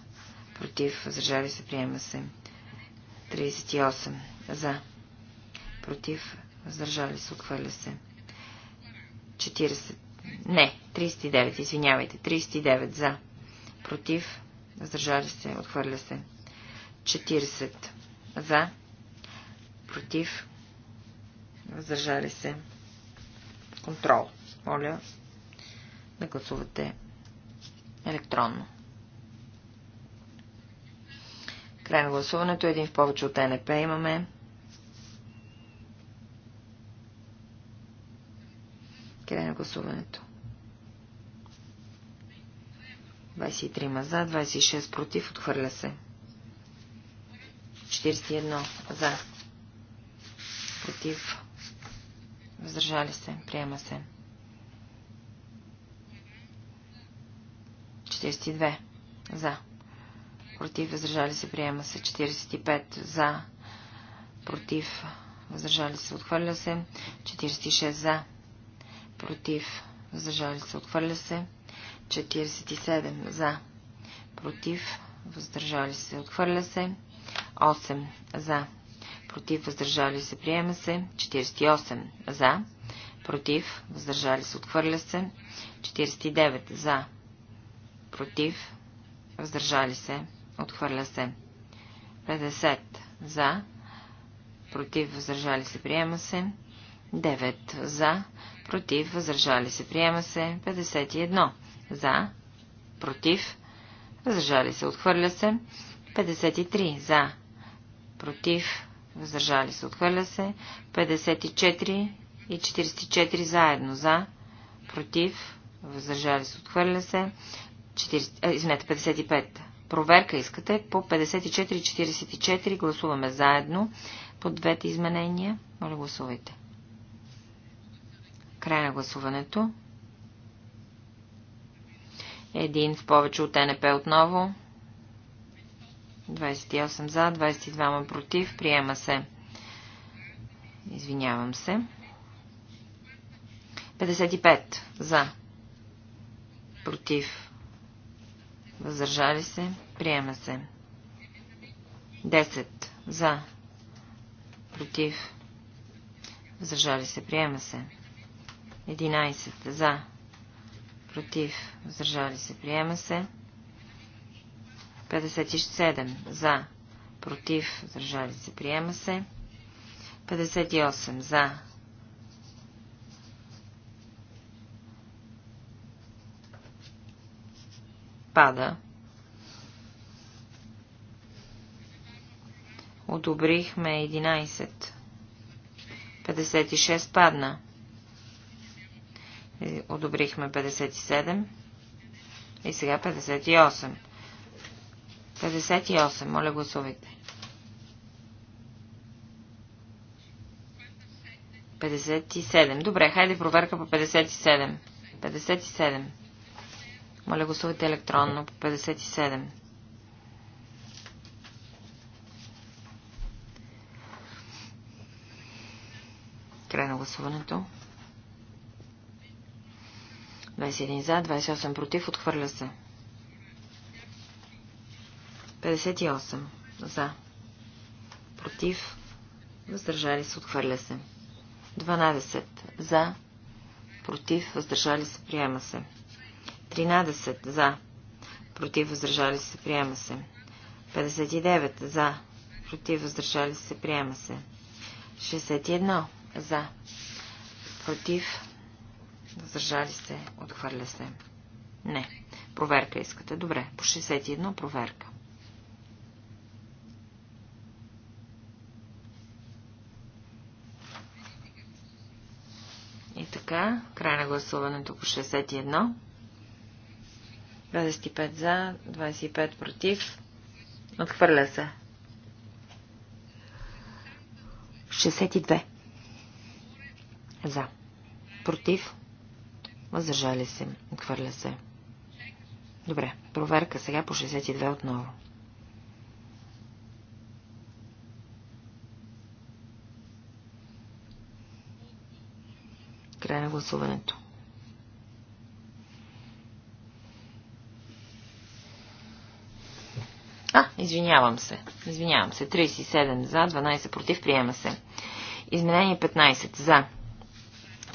против, въздържали се, приема се. 38. За, против, въздържали се, отхвърля се. 40. Не, 39, извинявайте. 39 за, против, въздържали се, отхвърля се. 40 за, против, въздържали се. Контрол. Моля, да гласувате електронно. Край на гласуването. Един в повече от НП имаме. Край на гласуването. 23 ма за, 26 против, отхвърля се. 41 за, против, въздържали се, приема се. 42 за. Против въздържали се приема се 45 за. Против въздържали се отхвърля се 46 за. Против въздържали се отхвърля се 47 за. Против въздържали се отхвърля се 8 за. Против въздържали се приема се 48 за. Против въздържали се отхвърля се 49 за против, въздържали се, отхвърля се. 50 за, против, въздържали се, приема се. 9 за, против, въздържали се, приема се. 51 за, против, въздържали се, отхвърля се. 53 за, против, въздържали се, отхвърля се. 54 и 44 заедно за, против, въздържали се, отхвърля се. 40, извинете, 55. Проверка искате по 54-44. Гласуваме заедно по двете изменения. Моля, гласувайте. Край на гласуването. Един в повече от НП отново. 28 за, 22 против. Приема се. Извинявам се. 55 за. Против. Въздържали се. Приема се. 10. За. Против. Въздържали се. Приема се. 11. За. Против. Въздържали се. Приема се. 57. За. Против. Въздържали се. Приема се. 58. За. отпада. Одобрихме 11. 56 падна. Е, одобрихме 57. И сега 58. 58. Моля гласувайте. 57. Добре, хайде проверка по 57. 57. Моля, гласувайте електронно по 57. Край на гласуването. 21 за, 28 против, отхвърля се. 58 за, против, въздържали се, отхвърля се. 12 за, против, въздържали се, приема се. 13 за. Против въздържали се. Приема се. 59 за. Против въздържали се. Приема се. 61 за. Против въздържали се. Отхвърля се. Не. Проверка искате. Добре. По 61 проверка. И така, край на гласуването по 61. 25 за, 25 против. Отхвърля се. 62. За. Против. Въздържали се. Отхвърля се. Добре. Проверка сега по 62 отново. Край на гласуването. А, извинявам се. Извинявам се. 37 за, 12 против, приема се. Изменение 15 за,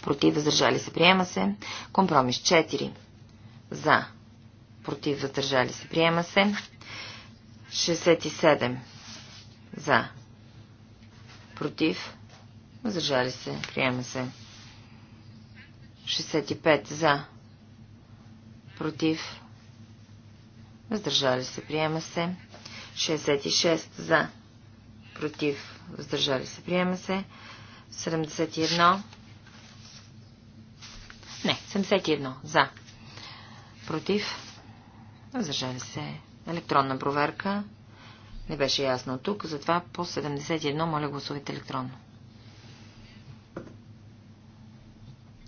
против, въздържали се, приема се. Компромис 4 за, против, въздържали се, приема се. 67 за, против, въздържали се, приема се. 65 за, против, въздържали се, приема се. 66 за, против, въздържали се, приема се. 71. Не, 71 за, против, въздържали се. Електронна проверка. Не беше ясно тук, затова по 71 моля гласувайте електронно.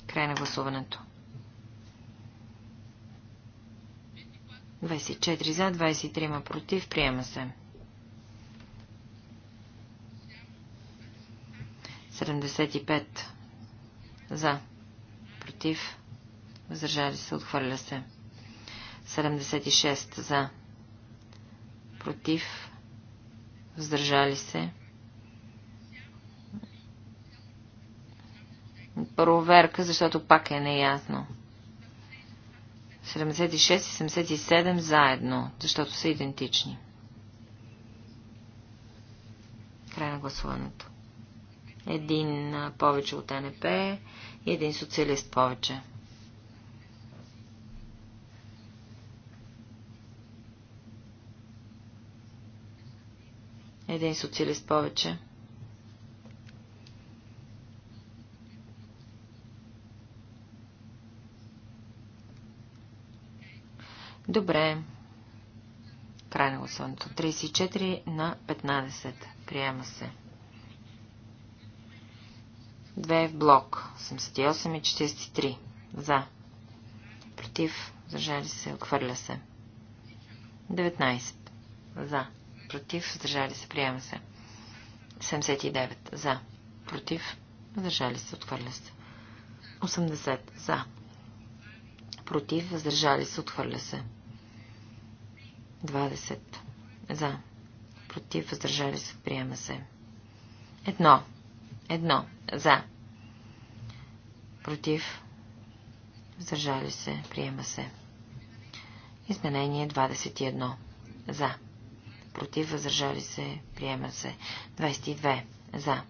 Край на гласуването. 24 за, 23 против. Приема се. 75 за, против. Въздържали се. Отхвърля се. 76 за, против. Въздържали се. Проверка, защото пак е неясно. 76 и 77 заедно, защото са идентични. Край на гласуването. Един повече от НП и един социалист повече. Един социалист повече. Добре. Край на гласуването. 34 на 15. Приема се. 2 в блок. 88 и 43. За. Против. Задържали се. Отхвърля се. 19. За. Против. Задържали се. Приема се. 79. За. Против. Задържали се. Отхвърля се. 80. За. Против. Въздържали се. Отхвърля се. 20. За. Против. Въздържали се. Приема се. Едно. Едно. За. Против. Въздържали се. Приема се. Изменение 21. За. Против. Въздържали се. Приема се. 22. За.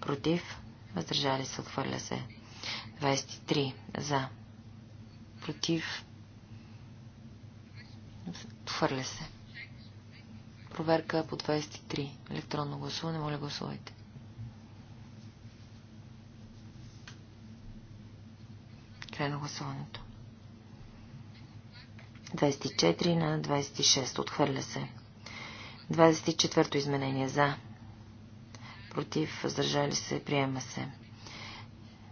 Против. Въздържали се. Отхвърля се. 23. За. Против. Отхвърля се. Проверка по 23. Електронно гласуване. Моля гласувайте. Край на гласуването. 24 на 26. Отхвърля се. 24-то изменение. За. Против. Въздържали се. Приема се.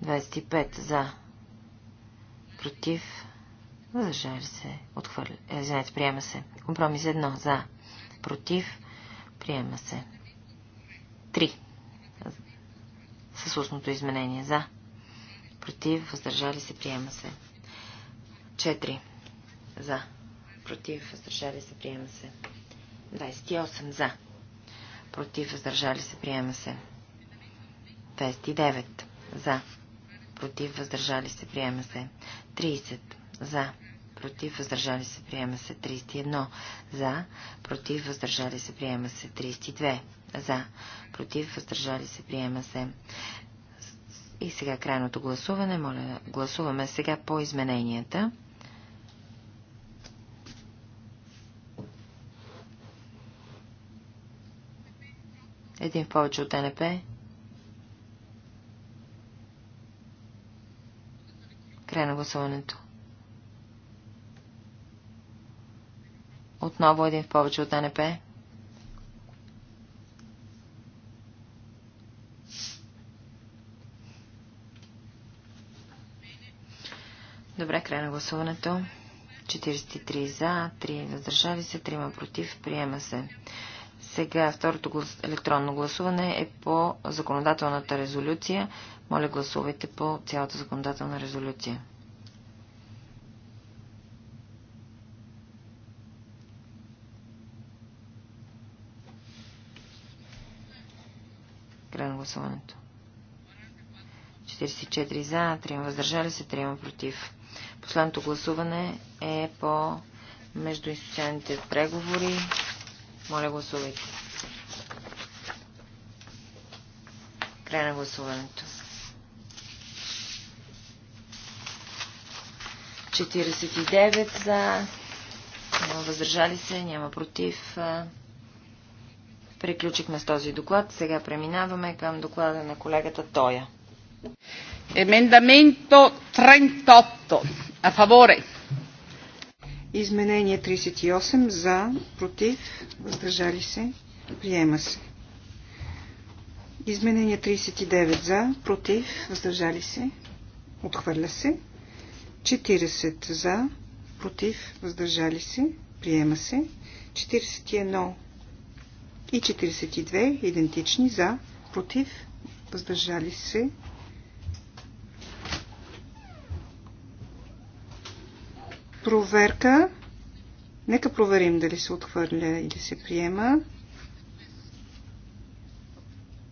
25. За. Против. Въздържава се. Отхвърля. Е, извинете, приема се. Компромис едно. За. Против. Приема се. Три. С устното изменение. За. Против. Въздържали се. Приема се. Четири. За. Против. Въздържали се. Приема се. 28. За. Против. Въздържали се. Приема се. 29. За. Против. Въздържали се. Приема се. 30. За против, въздържали се, приема се 31, за, против, въздържали се, приема се 32, за, против, въздържали се, приема се. И сега крайното гласуване, моля, гласуваме сега по измененията. Един в повече от НП. Крайно гласуването. Отново един в повече от НП. Добре, край на гласуването. 43 за, 3 въздържали се, 3 против. Приема се. Сега второто електронно гласуване е по законодателната резолюция. Моля, гласувайте по цялата законодателна резолюция. гласуването. 44 за, 3 въздържали се, 3 против. Последното гласуване е по междуинституционните преговори. Моля, гласувайте. Край на гласуването. 49 за, няма въздържали се, няма против. Приключихме с този доклад. Сега преминаваме към доклада на колегата Тоя. Емендаменто 38. А фаворе. Изменение 38. За, против, въздържали се, приема се. Изменение 39. За, против, въздържали се, отхвърля се. 40. За, против, въздържали се, приема се. 41 и 42 идентични за, против, въздържали се. Проверка. Нека проверим дали се отхвърля или се приема.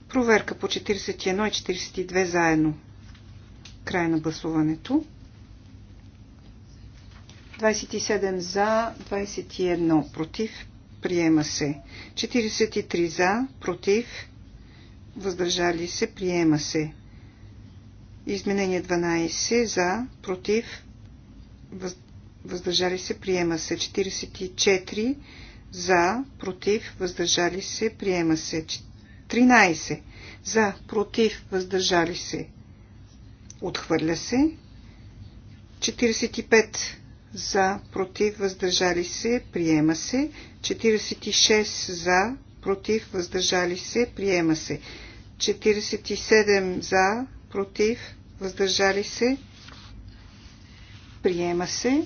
Проверка по 41 и 42 заедно. Край на гласуването. 27 за, 21 против. Приема се. 43 за, против, въздържали се, приема се. Изменение 12 за, против, въздържали се, приема се. 44 за, против, въздържали се, приема се. 13 за, против, въздържали се, отхвърля се. 45 за, против, въздържали се, приема се. 46 за, против, въздържали се, приема се. 47 за, против, въздържали се, приема се.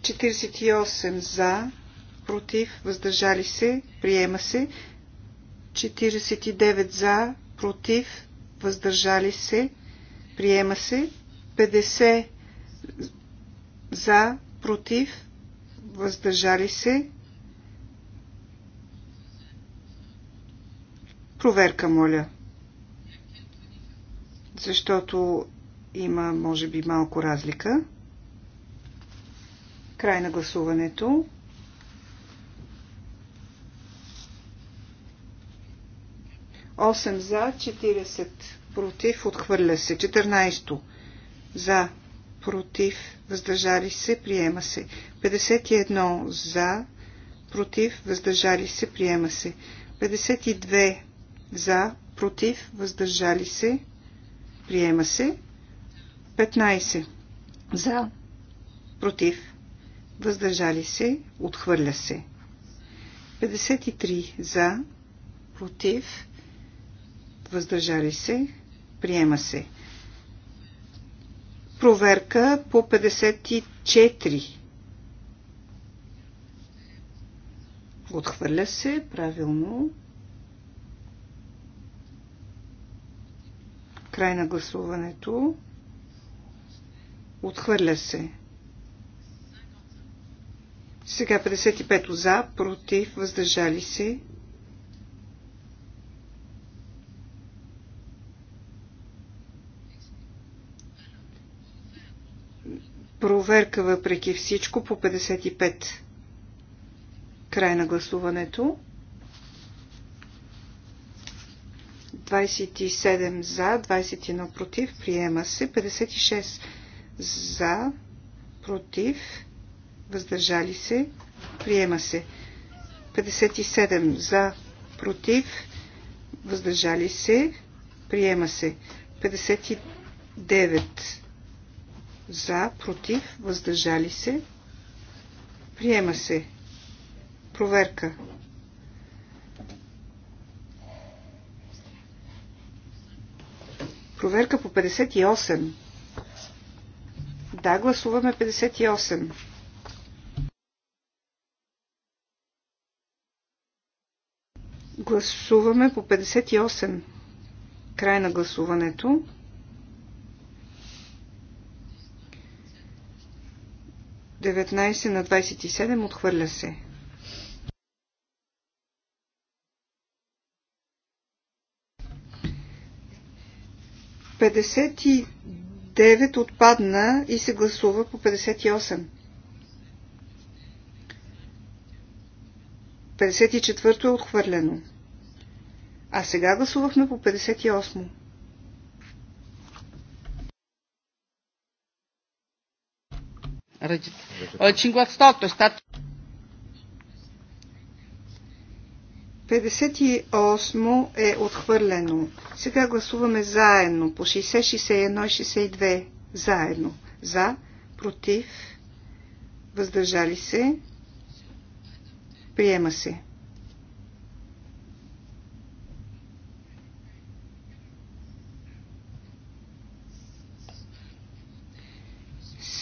48 за, против, въздържали се, приема се. 49 за, против, въздържали се, приема се. 50 за, против, въздържали се. Проверка, моля. Защото има, може би, малко разлика. Край на гласуването. Осем за, 40 против, отхвърля се. 14 за, против, въздържали се, приема се. 51 за, против, въздържали се, приема се. 52 за, против, въздържали се, приема се. 15 за, против, въздържали се, отхвърля се. 53 за, против, въздържали се, приема се проверка по 54. Отхвърля се, правилно. Край на гласуването. Отхвърля се. Сега 55 за, против, въздържали се. Проверка въпреки всичко по 55. Край на гласуването. 27 за, 21 против. Приема се. 56 за, против. Въздържали се. Приема се. 57 за, против. Въздържали се. Приема се. 59 за, против, въздържали се, приема се. Проверка. Проверка по 58. Да, гласуваме 58. Гласуваме по 58. Край на гласуването. 19 на 27 отхвърля се. Петдесет и 9 отпадна и се гласува по 58. 54 е отхвърлено. А сега гласувахме по 58. 58 è stato 58 е отхвърлено. Сега гласуваме заедно по 60, 61 и 62. Заедно. За, против, въздържали се, приема се.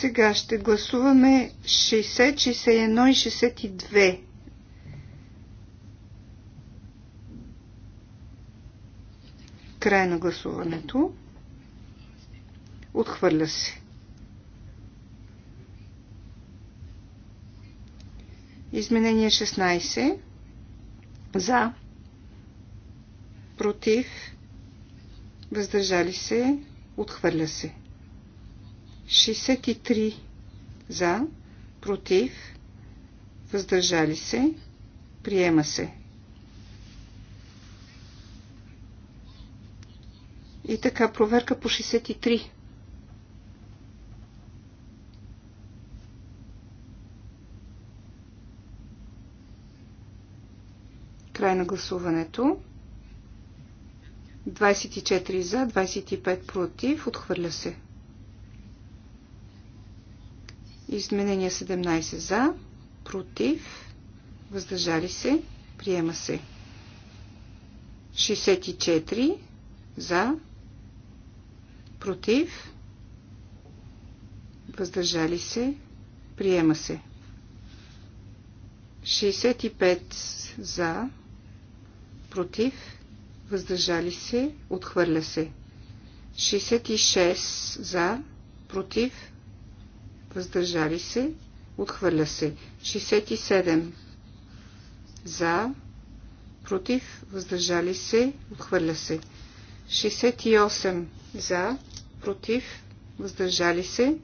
Сега ще гласуваме 60, 61 и 62. Край на гласуването. Отхвърля се. Изменение 16. За. Против. Въздържали се. Отхвърля се. 63 за, против, въздържали се, приема се. И така, проверка по 63. Край на гласуването. 24 за, 25 против, отхвърля се. Изменение 17 за, против, въздържали се, приема се. 64 за, против, въздържали се, приема се. 65 за, против, въздържали се, отхвърля се. 66 за, против, въздържали се, отхвърля се. 67 за, против, въздържали се, отхвърля се. 68 за, против, въздържали се.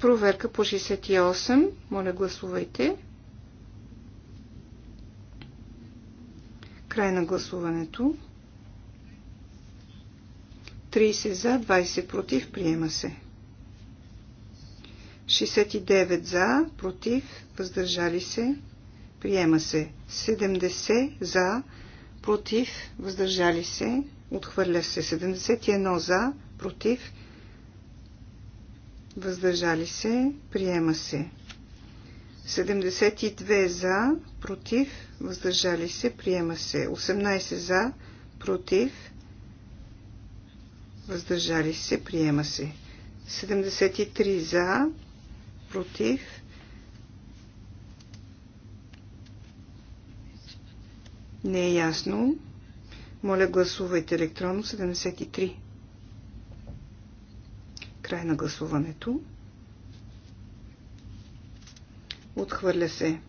Проверка по 68. Моля, гласувайте. Край на гласуването. 30 за, 20 против, приема се. 69 за, против, въздържали се, приема се. 70 за, против, въздържали се, отхвърля се. 71 за, против, въздържали се, приема се. 72 за, против, въздържали се, приема се. 18 за, против, въздържали се въздържали се, приема се. 73 за, против. Не е ясно. Моля, гласувайте електронно 73. Край на гласуването. Отхвърля се.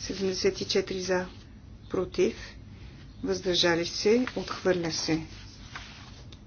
74 за, против. Въздържали се, отхвърля се.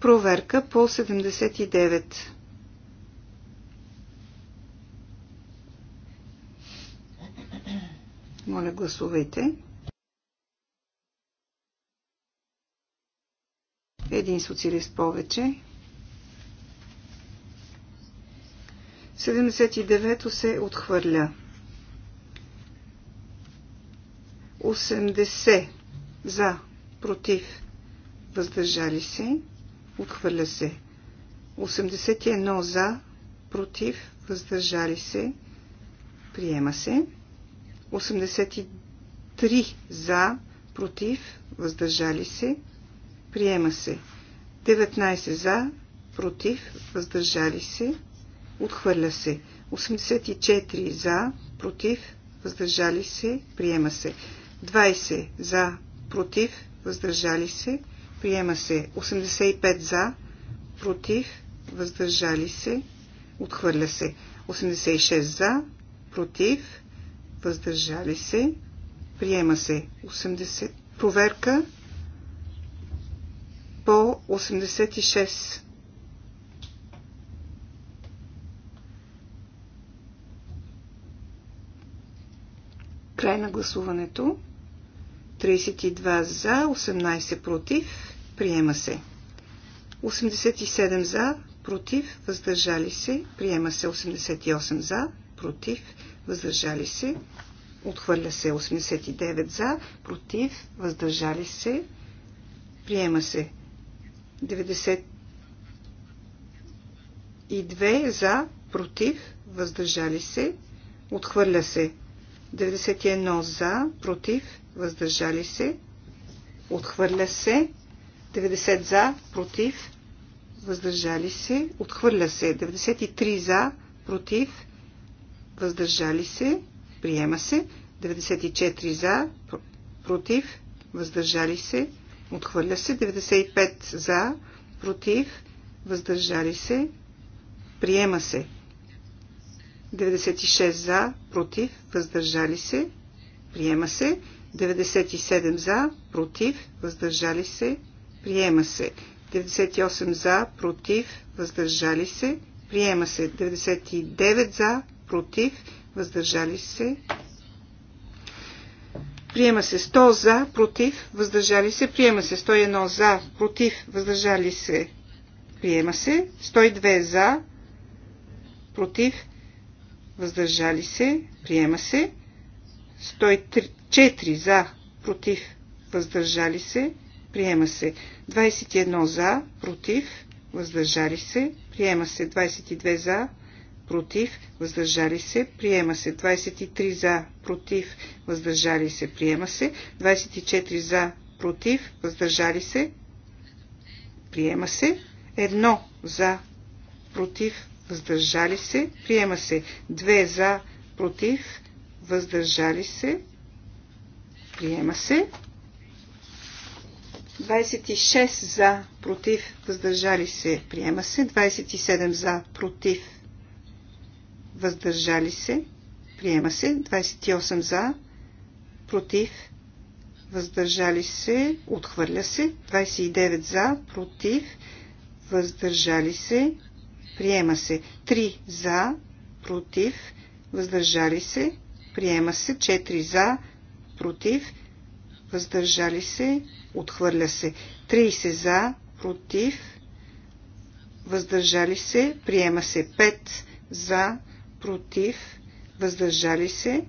Проверка по 79. Моля, гласувайте. Един социалист повече. 79-то се отхвърля. 80 за, против, въздържали се, Отхвърля се. 81 за, против, въздържали се, приема се. 83 за, против, въздържали се, приема се. 19 за, против, въздържали се, отхвърля се. 84 за, против, въздържали се, приема се. 20 за, против, въздържали се, Приема се 85 за, против, въздържали се, отхвърля се. 86 за, против, въздържали се, приема се 80. Проверка по 86. Край на гласуването. 32 за, 18 против. Приема се. 87 за, против, въздържали се. Приема се 88 за, против, въздържали се. Отхвърля се 89 за, против, въздържали се. Приема се 92 за, против, въздържали се. Отхвърля се 91 за, против, въздържали се, отхвърля се, 90 за, против, въздържали се, отхвърля се, 93 за, против, въздържали се, приема се, 94 за, против, въздържали се, отхвърля се, 95 за, против, въздържали се, приема се, 96 за, против, въздържали се, приема се, 97 за, против, въздържали се, приема се. 98 за, против, въздържали се, приема се. 99 за, против, въздържали се. Приема се 100 за, против, въздържали се. Приема се 101 за, против, въздържали се. Приема се 102 за, против, въздържали се. Приема се 4 за, против, въздържали се, приема се. 21 за, против, въздържали се, приема се. 22 за, против, въздържали се, приема се. 23 за, против, въздържали се, приема се. 24 за, против, въздържали се, приема се. 1 за, против, въздържали се, приема се. 2 за, против, въздържали се, Приема се. 26 за, против, въздържали се. Приема се. 27 за, против, въздържали се. Приема се. 28 за, против, въздържали се. Отхвърля се. 29 за, против, въздържали се. Приема се. 3 за, против, въздържали се. Приема се. 4 за, против, против, въздържали се, отхвърля се. 30 за, против, въздържали се, приема се. 5 за, против, въздържали се,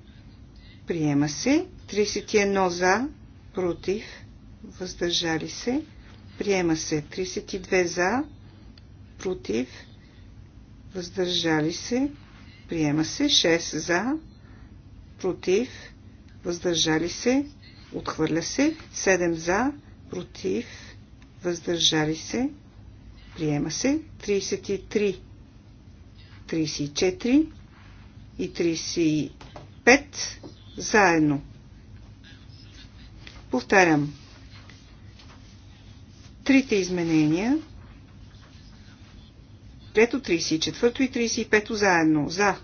приема се. 31 за, против, въздържали се, приема се. 32 за, против, въздържали се, приема се. 6 за, против, въздържали се, отхвърля се. 7 за, против, въздържали се, приема се. 33, 34 и 35 заедно. Повтарям. Трите изменения Трето, 34 и 35 заедно. За.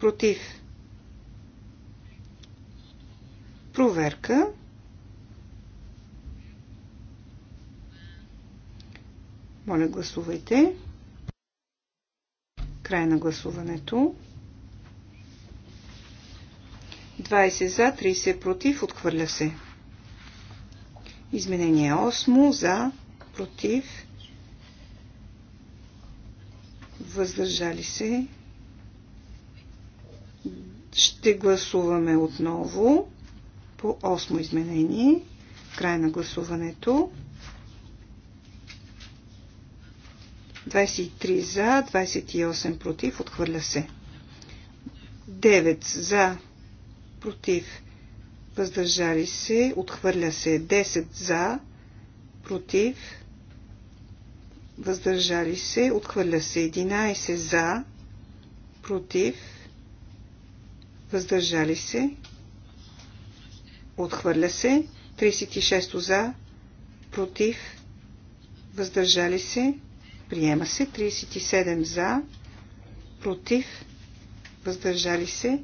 Против. Проверка. Моля, гласувайте. Край на гласуването. 20 за, 30 против, отхвърля се. Изменение 8 за, против, въздържали се. Ще гласуваме отново по 8 изменение. Край на гласуването. 23 за, 28 против, отхвърля се. 9 за, против, въздържали се, отхвърля се. 10 за, против, въздържали се, отхвърля се. 11 за, против, въздържали се, Отхвърля се. 36 за. Против. Въздържали се. Приема се. 37 за. Против. Въздържали се.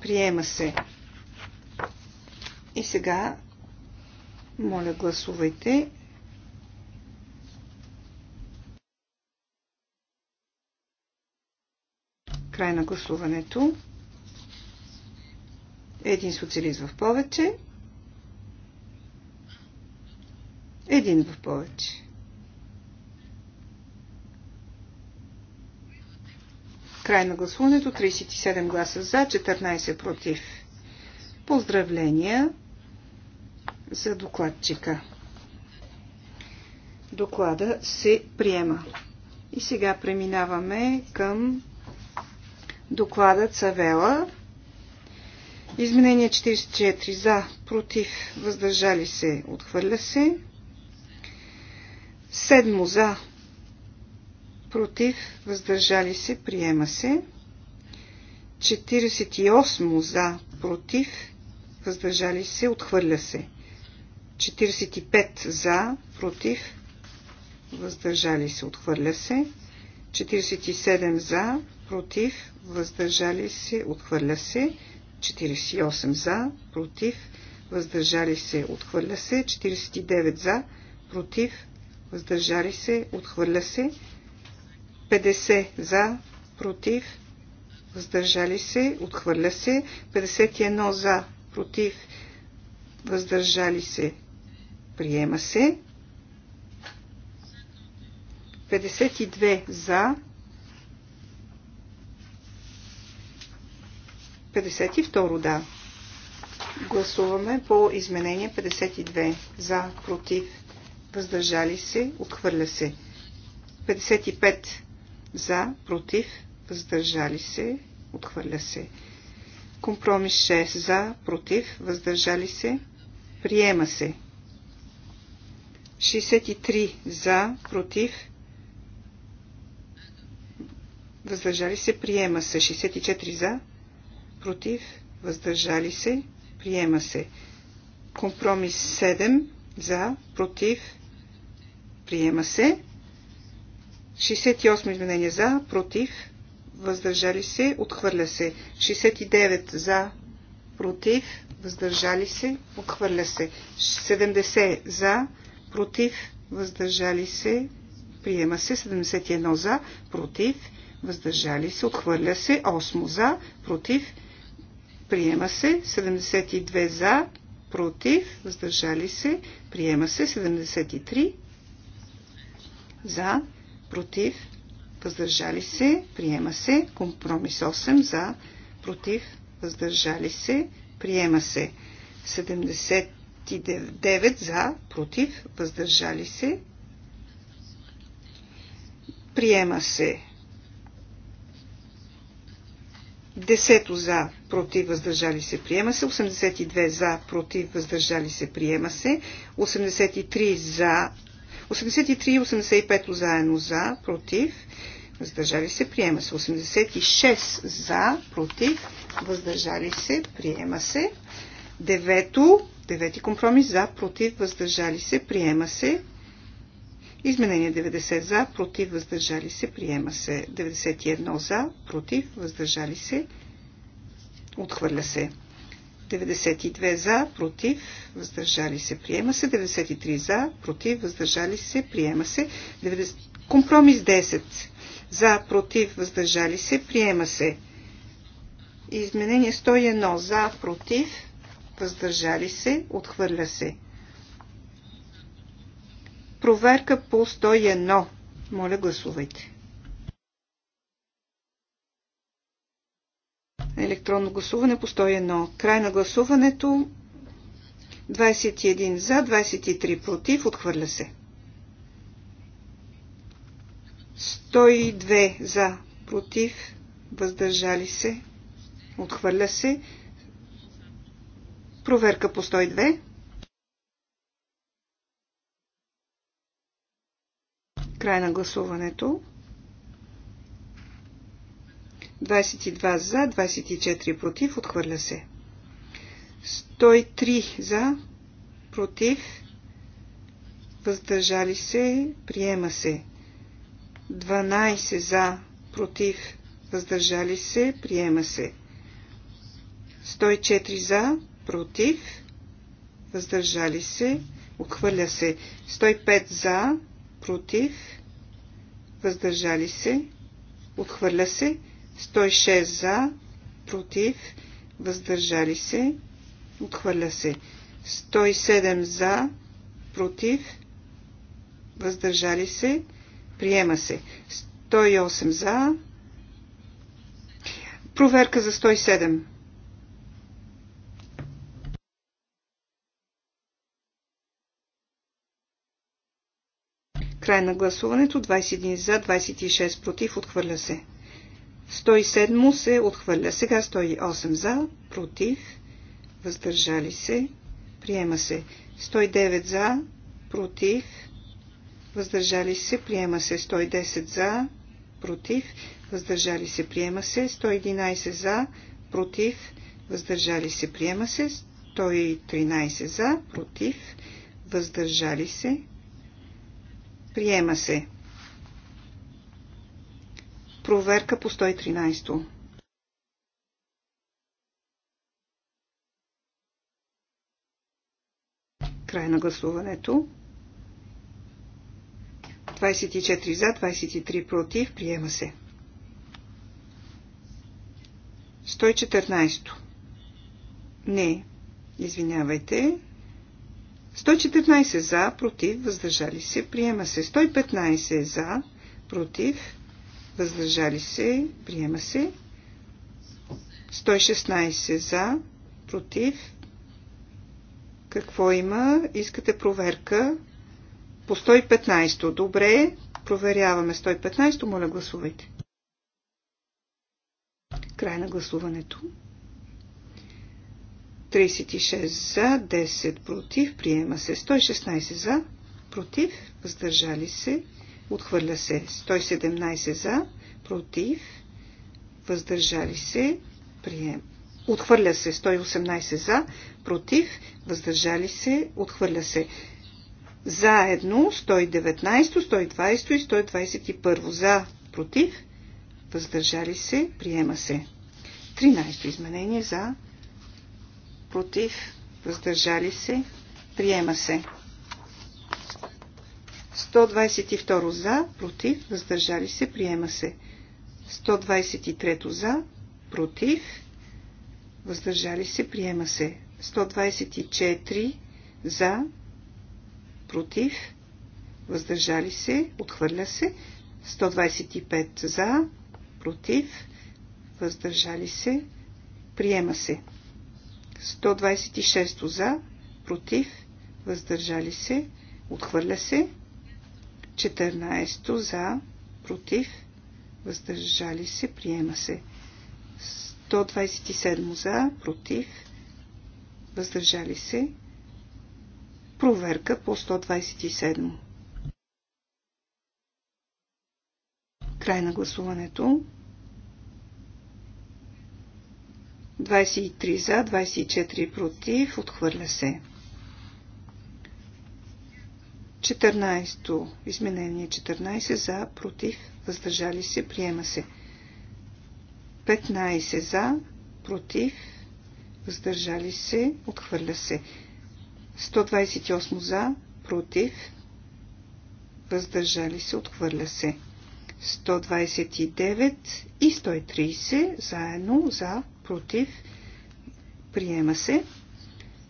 Приема се. И сега, моля, гласувайте. Край на гласуването. Един социалист в повече. Един в повече. Край на гласуването 37 гласа за, 14 против. Поздравления за докладчика. Доклада се приема. И сега преминаваме към докладът Савела. Изменение 44 за, против, въздържали се, отхвърля се. Седмо за, против, въздържали се, приема се. 48 за, против, въздържали се, отхвърля се. 45 за, против, въздържали се, отхвърля се. 47 за, против, въздържали се, отхвърля се. 48 за, против, въздържали се, отхвърля се, 49 за, против, въздържали се, отхвърля се, 50 за, против, въздържали се, отхвърля се, 51 за, против, въздържали се, приема се, 52 за, 52 да. Гласуваме по изменение 52. За, против, въздържали се, отхвърля се. 55. За, против, въздържали се, отхвърля се. Компромис 6. За, против, въздържали се, приема се. 63. За, против, въздържали се, приема се. 64. За, против, въздържали се, приема се. Компромис 7 за, против, приема се. 68 изменения за, против, въздържали се, отхвърля се. 69 за, против, въздържали се, отхвърля се. 70 за, против, въздържали се, приема се. 71 за, против, въздържали се, отхвърля се. 8 за, против, Приема се 72 за, против, въздържали се. Приема се 73 за, против, въздържали се. Приема се компромис 8 за, против, въздържали се. Приема се 79 за, против, въздържали се. Приема се Десето за, против, въздържали се, приема се. 82 за, против, въздържали се, приема се. 83 за, 83 и 85 заедно за, против, въздържали се, приема се. 86 за, против, въздържали се, приема се. Девето, девети компромис за, против, въздържали се, приема се. Изменение 90 за, против, въздържали се, приема се. 91 за, против, въздържали се, отхвърля се. 92 за, против, въздържали се, приема се. 93 за, против, въздържали се, приема се. 90... Компромис 10 за, против, въздържали се, приема се. Изменение 101 за, против, въздържали се, отхвърля се. Проверка по 101. Моля, гласувайте. Електронно гласуване по 101. Край на гласуването. 21 за, 23 против. Отхвърля се. 102 за, против. Въздържали се. Отхвърля се. Проверка по 102. Край на гласуването. 22 за, 24 против, отхвърля се. 103 за, против, въздържали се, приема се. 12 за, против, въздържали се, приема се. 104 за, против, въздържали се, отхвърля се. 105 за, против, въздържали се, отхвърля се, 106 за, против, въздържали се, отхвърля се, 107 за, против, въздържали се, приема се, 108 за, проверка за 107. Край на гласуването. 21 за, 26 против. Отхвърля се. 107 се отхвърля. Сега 108 за, против. Въздържали се. Приема се. 109 за, против. Въздържали се. Приема се. 110 за, против. Въздържали се. Приема се. 111 за, против. Въздържали се. Приема се. 113 за, против. Въздържали се. Приема се. Проверка по 113. Край на гласуването. 24 за, 23 против. Приема се. 114. Не. Извинявайте. 114 за, против, въздържали се, приема се. 115 за, против, въздържали се, приема се. 116 за, против. Какво има? Искате проверка по 115. Добре, проверяваме 115. Моля, гласувайте. Край на гласуването. 36 за, 10 против, приема се. 116 за, против, въздържали се, отхвърля се. 117 за, против, въздържали се, приема. Отхвърля се 118 за, против, въздържали се, отхвърля се. Заедно 119, 120 и 121 за, против, въздържали се, приема се. 13 изменение за, против, въздържали се, приема се. 122 за, против, въздържали се, приема се. 123 за, против, въздържали се, приема се. 124 за, против, въздържали се, отхвърля се. 125 за, против, въздържали се, приема се. 126 за, против, въздържали се, отхвърля се. 14 за, против, въздържали се, приема се. 127 за, против, въздържали се. Проверка по 127. Край на гласуването. 23 за, 24 против, отхвърля се. 14. Изменение 14 за, против, въздържали се, приема се. 15 за, против, въздържали се, отхвърля се. 128 за, против, въздържали се, отхвърля се. 129 и 130 заедно за, против, приема се.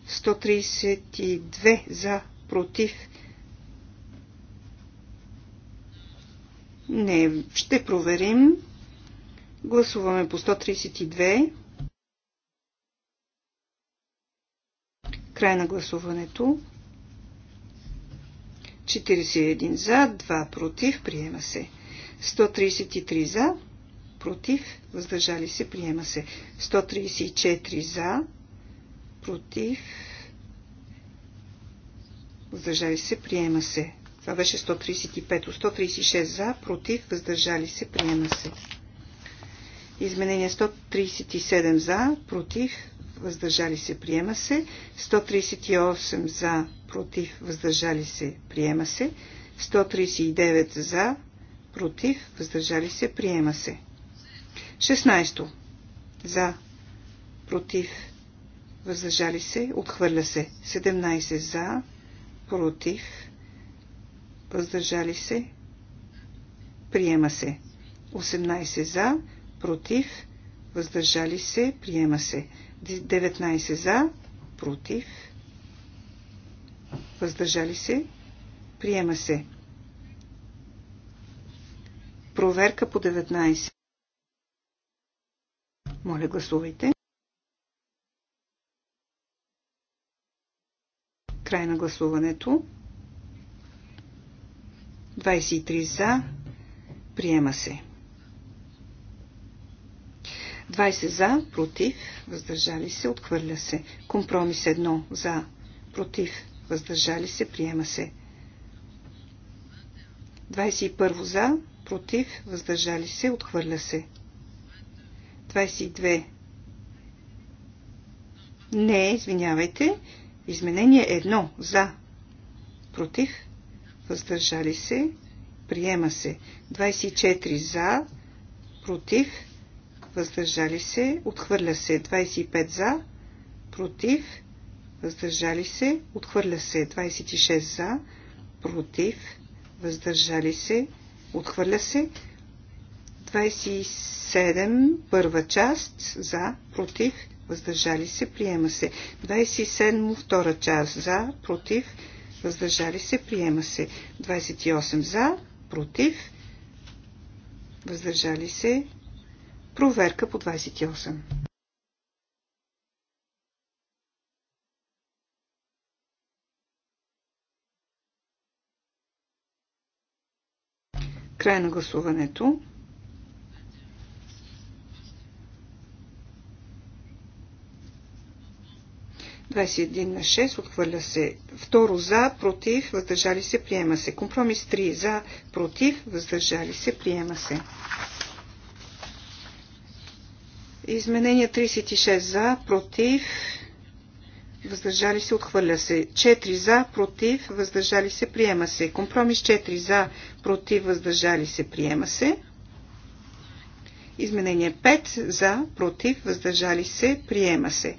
132 за, против. Не, ще проверим. Гласуваме по 132. Край на гласуването. 41 за, 2 против, приема се. 133 за, против, въздържали се, приема се. 134 за, против, въздържали се, приема се. Това беше 135. 136 за, против, въздържали се, приема се. Изменение 137 за, против, въздържали се, приема се. 138 за, против, въздържали се, приема се. 139 за, против, въздържали се, приема се. 16. За. Против. Въздържали се. Отхвърля се. 17. За. Против. Въздържали се. Приема се. 18. За. Против. Въздържали се. Приема се. 19. За. Против. Въздържали се. Приема се. Проверка по 19. Моля, гласувайте. Край на гласуването. 23 за. Приема се. 20 за, против, въздържали се, отхвърля се. Компромис 1 за, против, въздържали се, приема се. 21 за, против, въздържали се, отхвърля се. 22. Не, извинявайте. Изменение 1. За. Против. Въздържали се. Приема се. 24. За. Против. Въздържали се. Отхвърля се. 25. За. Против. Въздържали се. Отхвърля се. 26. За. Против. Въздържали се. Отхвърля се. 27, първа част, за, против, въздържали се, приема се. 27, втора част, за, против, въздържали се, приема се. 28 за, против, въздържали се, проверка по 28. Край на гласуването. 21 на 6, отхвърля се. Второ за, против, въздържали се, приема се. Компромис 3 за, против, въздържали се, приема се. Изменение 36 за, против, въздържали се, отхвърля се. 4 за, против, въздържали се, приема се. Компромис 4 за, против, въздържали се, приема се. Изменение 5 за, против, въздържали се, приема се.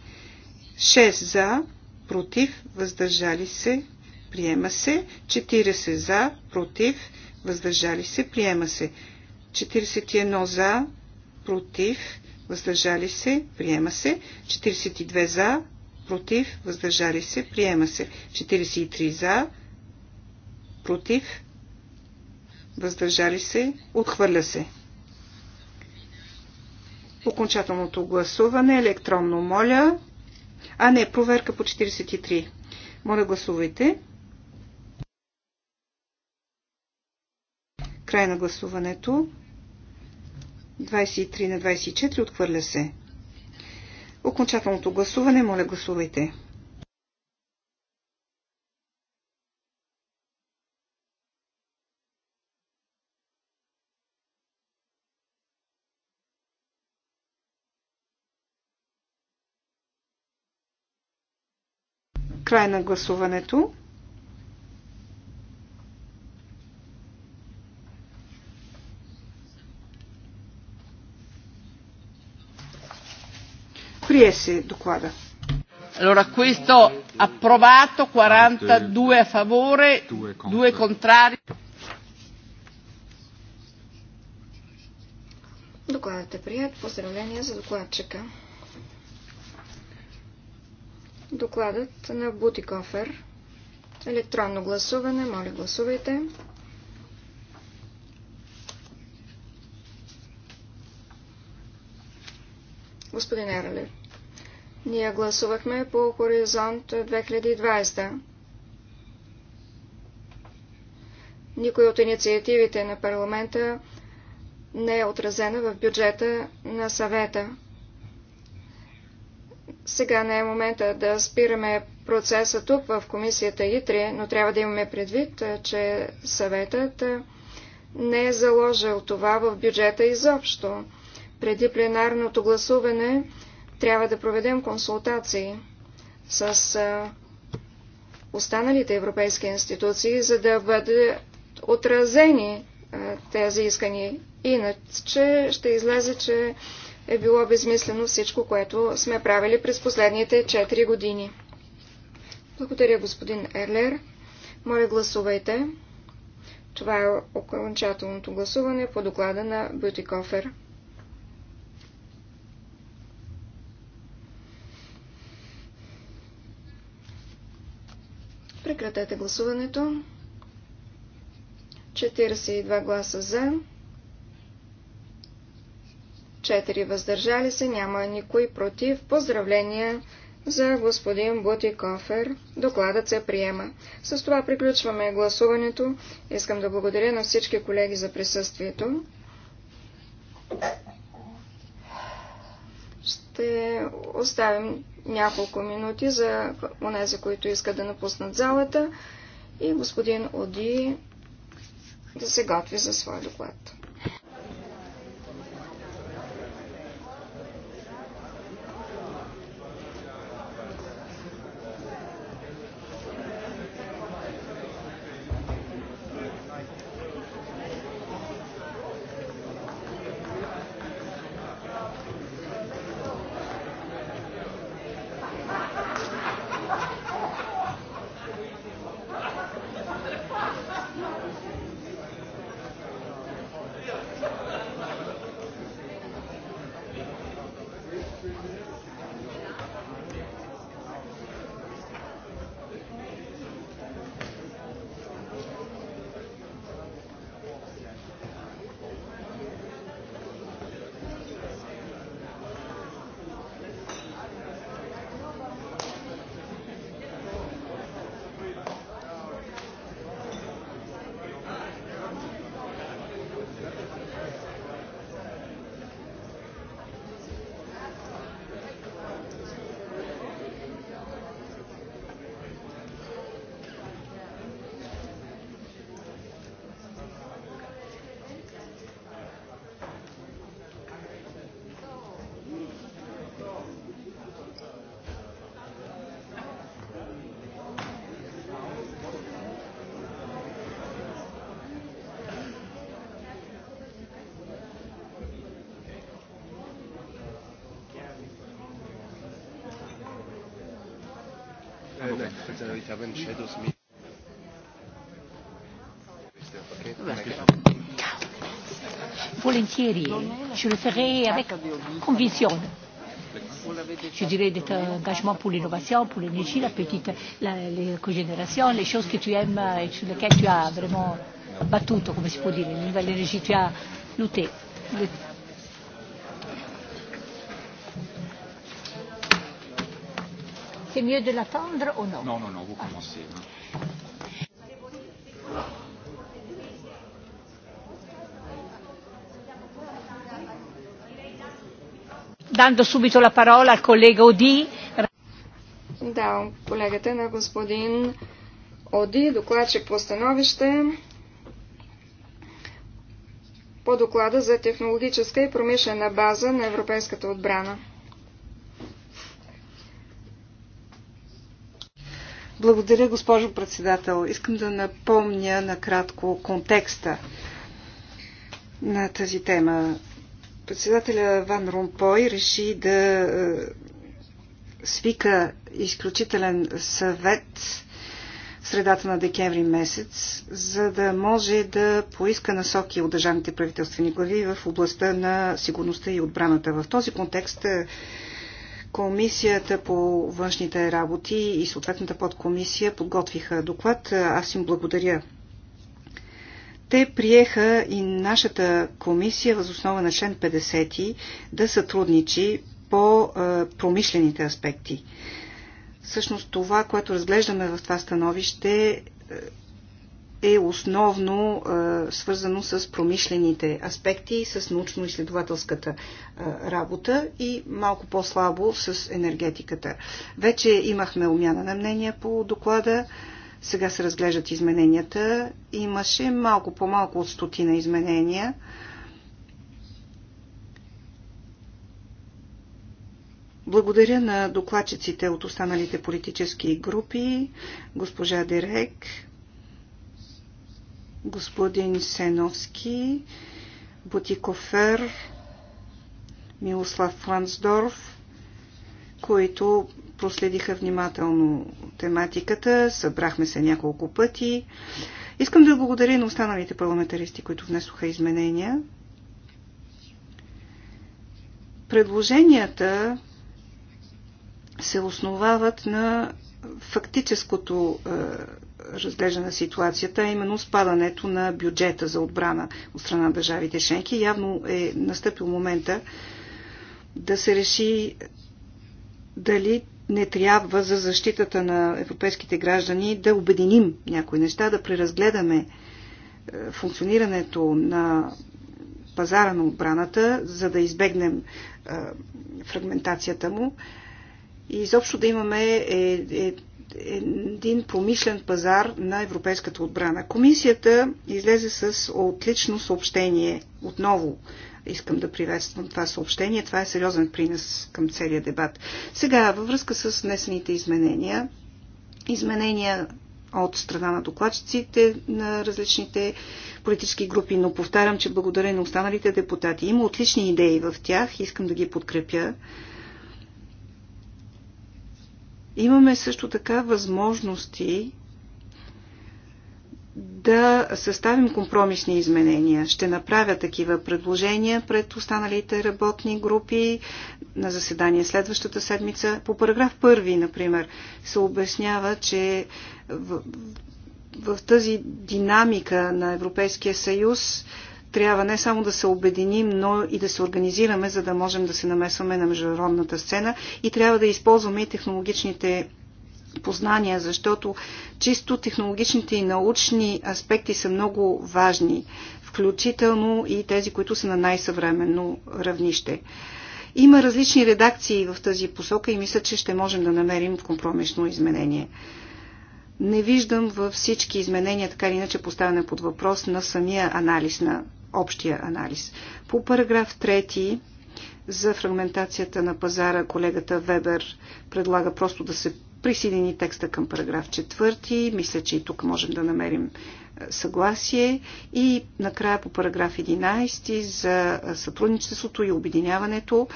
6 за, против, въздържали се, приема се. 40 за, против, въздържали се, приема се. 41 за, против, въздържали се, приема се. 42 за, против, въздържали се, приема се. 43 за, против, въздържали се, отхвърля се. Окончателното гласуване електронно моля. А не, проверка по 43. Моля, гласувайте. Край на гласуването. 23 на 24 отхвърля се. Окончателното гласуване, моля гласувайте. Край на гласуването. Прие се доклада. Allora, questo approvato, 42 a favore, 2 contrari. Докладът е прият. Поздравления за докладчика. Докладът на Бутикофер. Електронно гласуване. Моля, гласувайте. Господин Ерлев, ние гласувахме по Хоризонт 2020. Никой от инициативите на парламента не е отразена в бюджета на съвета. Сега не е момента да спираме процеса тук в комисията ИТРИ, но трябва да имаме предвид, е, че съветът е, не е заложил това в бюджета изобщо. Преди пленарното гласуване трябва да проведем консултации с е, останалите европейски институции, за да бъде отразени тези искани. Иначе ще излезе, че е било безмислено всичко, което сме правили през последните 4 години. Благодаря, господин Ерлер. Моля, гласувайте. Това е окончателното гласуване по доклада на Бютикофер. Прекратете гласуването. 42 гласа за. 4 въздържали се, няма никой против. Поздравления за господин Бутикофер. Докладът се приема. С това приключваме гласуването. Искам да благодаря на всички колеги за присъствието. Ще оставим няколко минути за онези, които искат да напуснат залата и господин Оди да се готви за своя доклад. Volentieri, je le ferai avec conviction. Je dirais de ton engagement pour l'innovation, pour l'énergie, la petite, la, les cogénération, les choses que tu aimes et sur lesquelles tu as vraiment battu, comme si può dire, l'énergie, tu as lutté. mieux de l'attendre ou non Non, non, non, vous commencez. Hein. Dando subito la parola al collega Odi. Да, колегата на господин Оди, докладчик по становище по доклада за технологическа и промишлена база на европейската отбрана. Благодаря, госпожо председател. Искам да напомня накратко контекста на тази тема. Председателя Ван Румпой реши да е, свика изключителен съвет средата на декември месец, за да може да поиска насоки от държавните правителствени глави в областта на сигурността и отбраната. В този контекст е, Комисията по външните работи и съответната подкомисия подготвиха доклад. Аз им благодаря. Те приеха и нашата комисия възоснова на член 50 да сътрудничи по промишлените аспекти. Всъщност това, което разглеждаме в това становище, е основно а, е, свързано с промишлените аспекти, с научно-изследователската е, работа и малко по-слабо с енергетиката. Вече имахме умяна на мнения по доклада. Сега се разглеждат измененията. Имаше малко по-малко от стотина изменения. Благодаря на докладчиците от останалите политически групи, госпожа Дерек, господин Сеновски, Бутикофер, Милослав Флансдорф, които проследиха внимателно тематиката, събрахме се няколко пъти. Искам да благодаря на останалите парламентаристи, които внесоха изменения. Предложенията се основават на фактическото е, разглеждане на ситуацията, а именно спадането на бюджета за отбрана от страна на държавите членки. Явно е настъпил момента да се реши дали не трябва за защитата на европейските граждани да обединим някои неща, да преразгледаме е, функционирането на пазара на отбраната, за да избегнем е, фрагментацията му и изобщо да имаме е, един помишлен пазар на европейската отбрана. Комисията излезе с отлично съобщение. Отново искам да приветствам това съобщение. Това е сериозен принос към целия дебат. Сега, във връзка с внесените изменения, изменения от страна на докладчиците на различните политически групи, но повтарям, че благодаря на останалите депутати. Има отлични идеи в тях, искам да ги подкрепя. Имаме също така възможности да съставим компромисни изменения. Ще направя такива предложения пред останалите работни групи на заседание следващата седмица. По параграф първи, например, се обяснява, че в, в тази динамика на Европейския съюз трябва не само да се обединим, но и да се организираме, за да можем да се намесваме на международната сцена и трябва да използваме и технологичните познания, защото чисто технологичните и научни аспекти са много важни, включително и тези, които са на най-съвременно равнище. Има различни редакции в тази посока и мисля, че ще можем да намерим компромисно изменение. Не виждам във всички изменения, така или иначе поставяне под въпрос на самия анализ на общия анализ. По параграф 3 за фрагментацията на пазара колегата Вебер предлага просто да се присъедини текста към параграф 4. Мисля, че и тук можем да намерим е, съгласие. И накрая по параграф 11 за сътрудничеството и обединяването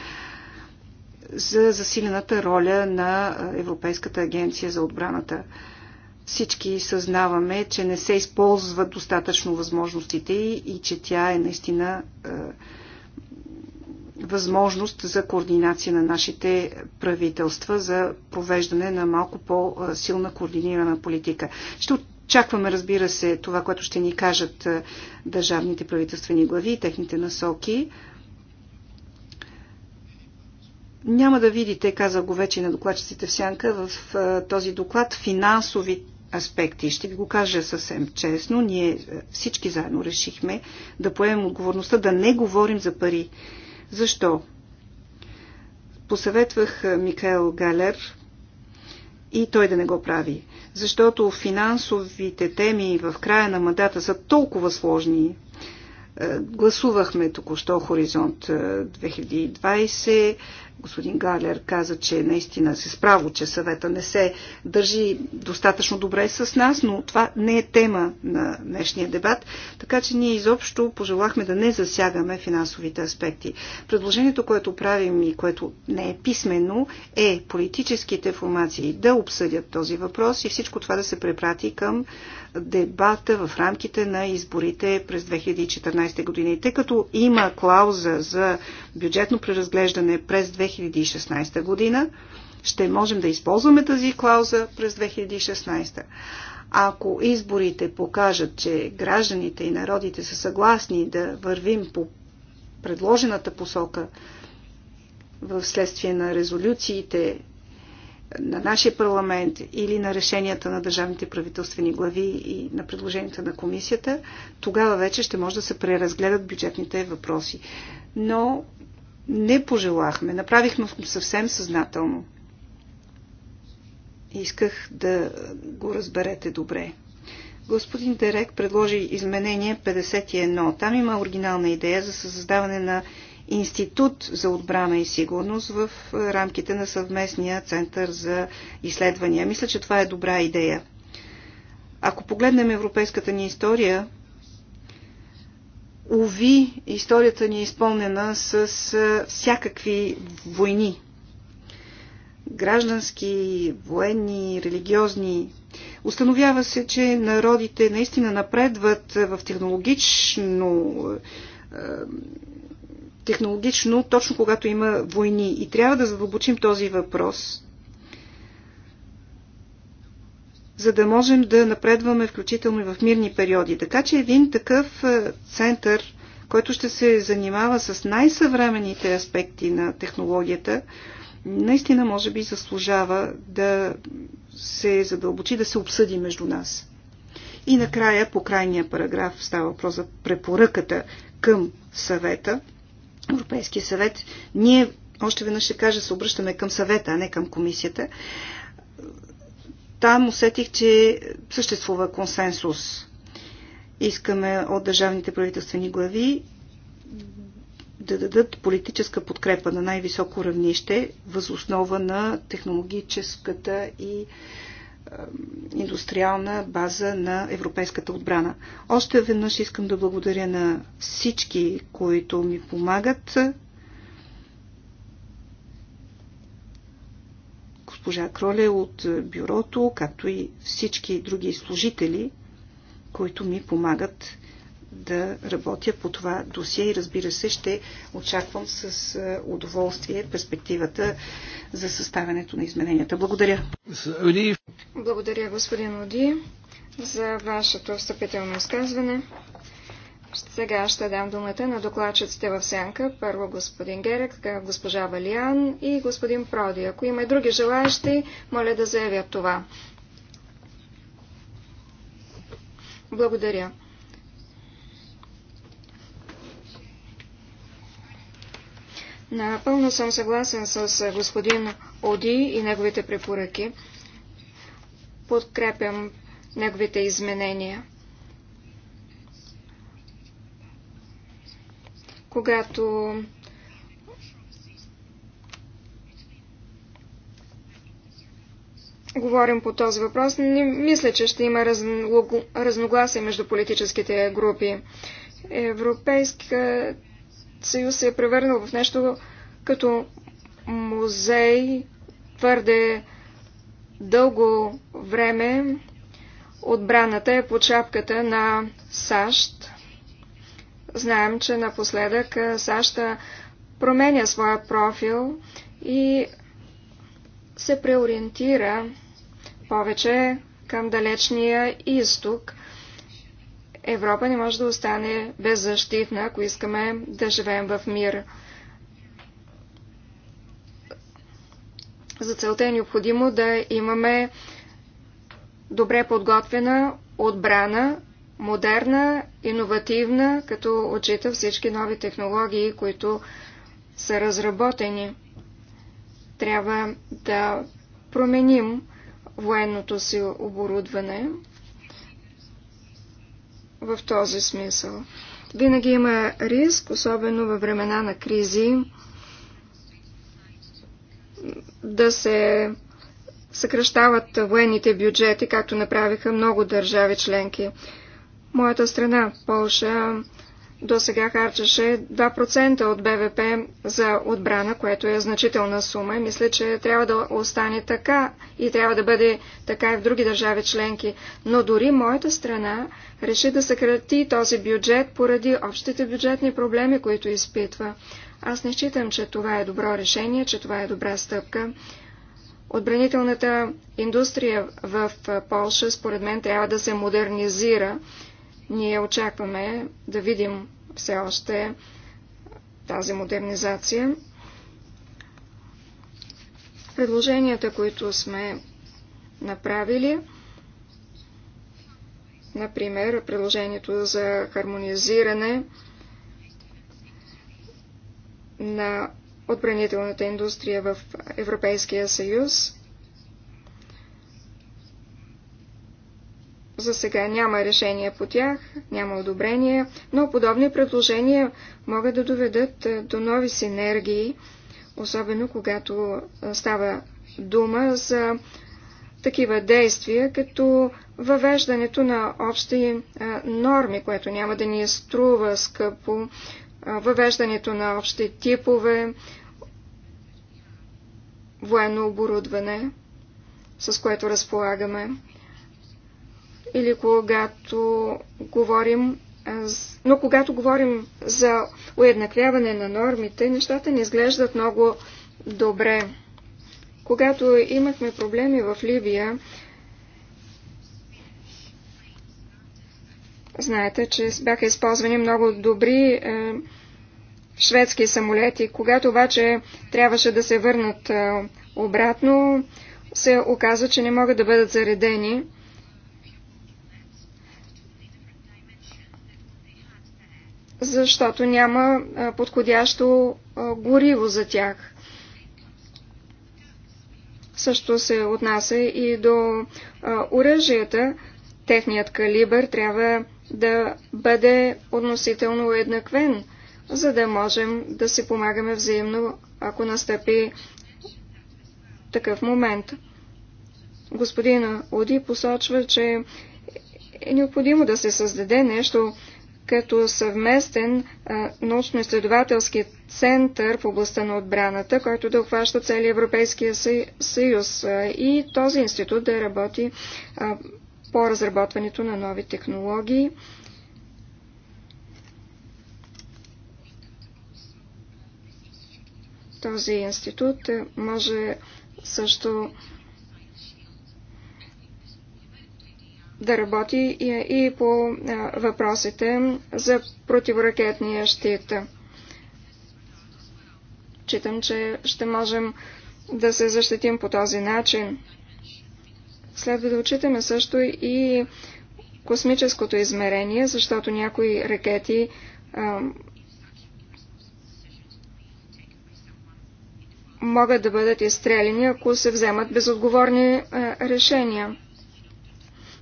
за засилената роля на е, Европейската агенция за отбраната. Всички съзнаваме, че не се използват достатъчно възможностите и, и че тя е наистина е, възможност за координация на нашите правителства за провеждане на малко по-силна координирана политика. Ще очакваме, разбира се, това, което ще ни кажат е, държавните правителствени глави и техните насоки. Няма да видите, каза го вече на докладчиците в Сянка, в е, този доклад финансовите аспекти. Ще ви го кажа съвсем честно. Ние е, всички заедно решихме да поемем отговорността да не говорим за пари. Защо? Посъветвах е, Микаел Галер и той да не го прави. Защото финансовите теми в края на мандата са толкова сложни, е, гласувахме току-що Хоризонт 2020. Е, Господин Галер каза, че наистина се справо, че съвета не се държи достатъчно добре с нас, но това не е тема на днешния дебат, така че ние изобщо пожелахме да не засягаме финансовите аспекти. Предложението, което правим и което не е писменно, е политическите формации да обсъдят този въпрос и всичко това да се препрати към дебата в рамките на изборите през 2014 година. И тъй като има клауза за бюджетно преразглеждане през 2016 година, ще можем да използваме тази клауза през 2016. Ако изборите покажат, че гражданите и народите са съгласни да вървим по предложената посока в следствие на резолюциите на нашия парламент или на решенията на държавните правителствени глави и на предложенията на комисията, тогава вече ще може да се преразгледат бюджетните въпроси. Но не пожелахме, направихме съвсем съзнателно. Исках да го разберете добре. Господин Дерек предложи изменение 51. Там има оригинална идея за създаване на институт за отбрана и сигурност в рамките на съвместния център за изследвания. Мисля, че това е добра идея. Ако погледнем европейската ни история, уви историята ни е изпълнена с всякакви войни. Граждански, военни, религиозни. Установява се, че народите наистина напредват в технологично технологично, точно когато има войни. И трябва да задълбочим този въпрос, за да можем да напредваме включително и в мирни периоди. Така че един такъв е, център, който ще се занимава с най-съвременните аспекти на технологията, наистина може би заслужава да се задълбочи, да се обсъди между нас. И накрая, по крайния параграф, става въпрос за препоръката към съвета – Европейския съвет, ние още веднъж ще кажа, се обръщаме към съвета, а не към комисията. Там усетих, че съществува консенсус. Искаме от държавните правителствени глави да дадат политическа подкрепа на най-високо равнище, възоснова на технологическата и индустриална база на европейската отбрана. Още веднъж искам да благодаря на всички, които ми помагат. Госпожа Кроле от бюрото, както и всички други служители, които ми помагат да работя по това досие и разбира се ще очаквам с е, удоволствие перспективата за съставянето на измененията. Благодаря. Благодаря, господин Оди, за вашето встъпително изказване. Сега ще дам думата на докладчиците в сянка. Първо господин Герек, госпожа Валиан и господин Проди. Ако има и други желаящи, моля да заявят това. Благодаря. Напълно съм съгласен с господин Оди и неговите препоръки. Подкрепям неговите изменения. Когато говорим по този въпрос, не мисля, че ще има разногласие между политическите групи. Европейската съюз се е превърнал в нещо като музей твърде дълго време. Отбраната е под шапката на САЩ. Знаем, че напоследък САЩ променя своя профил и се преориентира повече към далечния изток Европа не може да остане беззащитна, ако искаме да живеем в мир. За целта е необходимо да имаме добре подготвена отбрана, модерна, иновативна, като отчита всички нови технологии, които са разработени. Трябва да променим военното си оборудване в този смисъл. Винаги има риск, особено във времена на кризи, да се съкръщават военните бюджети, както направиха много държави членки. Моята страна, Полша, до сега харчеше 2% от БВП за отбрана, което е значителна сума и мисля, че трябва да остане така и трябва да бъде така и в други държави членки. Но дори моята страна реши да съкрати този бюджет поради общите бюджетни проблеми, които изпитва. Аз не считам, че това е добро решение, че това е добра стъпка. Отбранителната индустрия в Полша, според мен, трябва да се модернизира ние очакваме да видим все още тази модернизация. Предложенията, които сме направили, например, предложението за хармонизиране на отбранителната индустрия в Европейския съюз, За сега няма решение по тях, няма одобрение, но подобни предложения могат да доведат е, до нови синергии, особено когато е, става дума за такива действия, като въвеждането на общи е, норми, което няма да ни струва скъпо, въвеждането на общи типове, военно оборудване, с което разполагаме или когато говорим но когато говорим за уеднаквяване на нормите, нещата не изглеждат много добре. Когато имахме проблеми в Ливия, знаете, че бяха използвани много добри е, шведски самолети. Когато обаче трябваше да се върнат е, обратно, се оказа, че не могат да бъдат заредени защото няма подходящо гориво за тях. Също се отнася и до оръжията. Техният калибър трябва да бъде относително уеднаквен, за да можем да си помагаме взаимно, ако настъпи такъв момент. Господин Оди посочва, че е необходимо да се създаде нещо като съвместен научно-изследователски център в областта на отбраната, който да обхваща целия Европейския съюз и този институт да работи по разработването на нови технологии. Този институт може също да работи и, по въпросите за противоракетния щит. Читам, че ще можем да се защитим по този начин. Следва да отчитаме също и космическото измерение, защото някои ракети могат да бъдат изстреляни, ако се вземат безотговорни решения.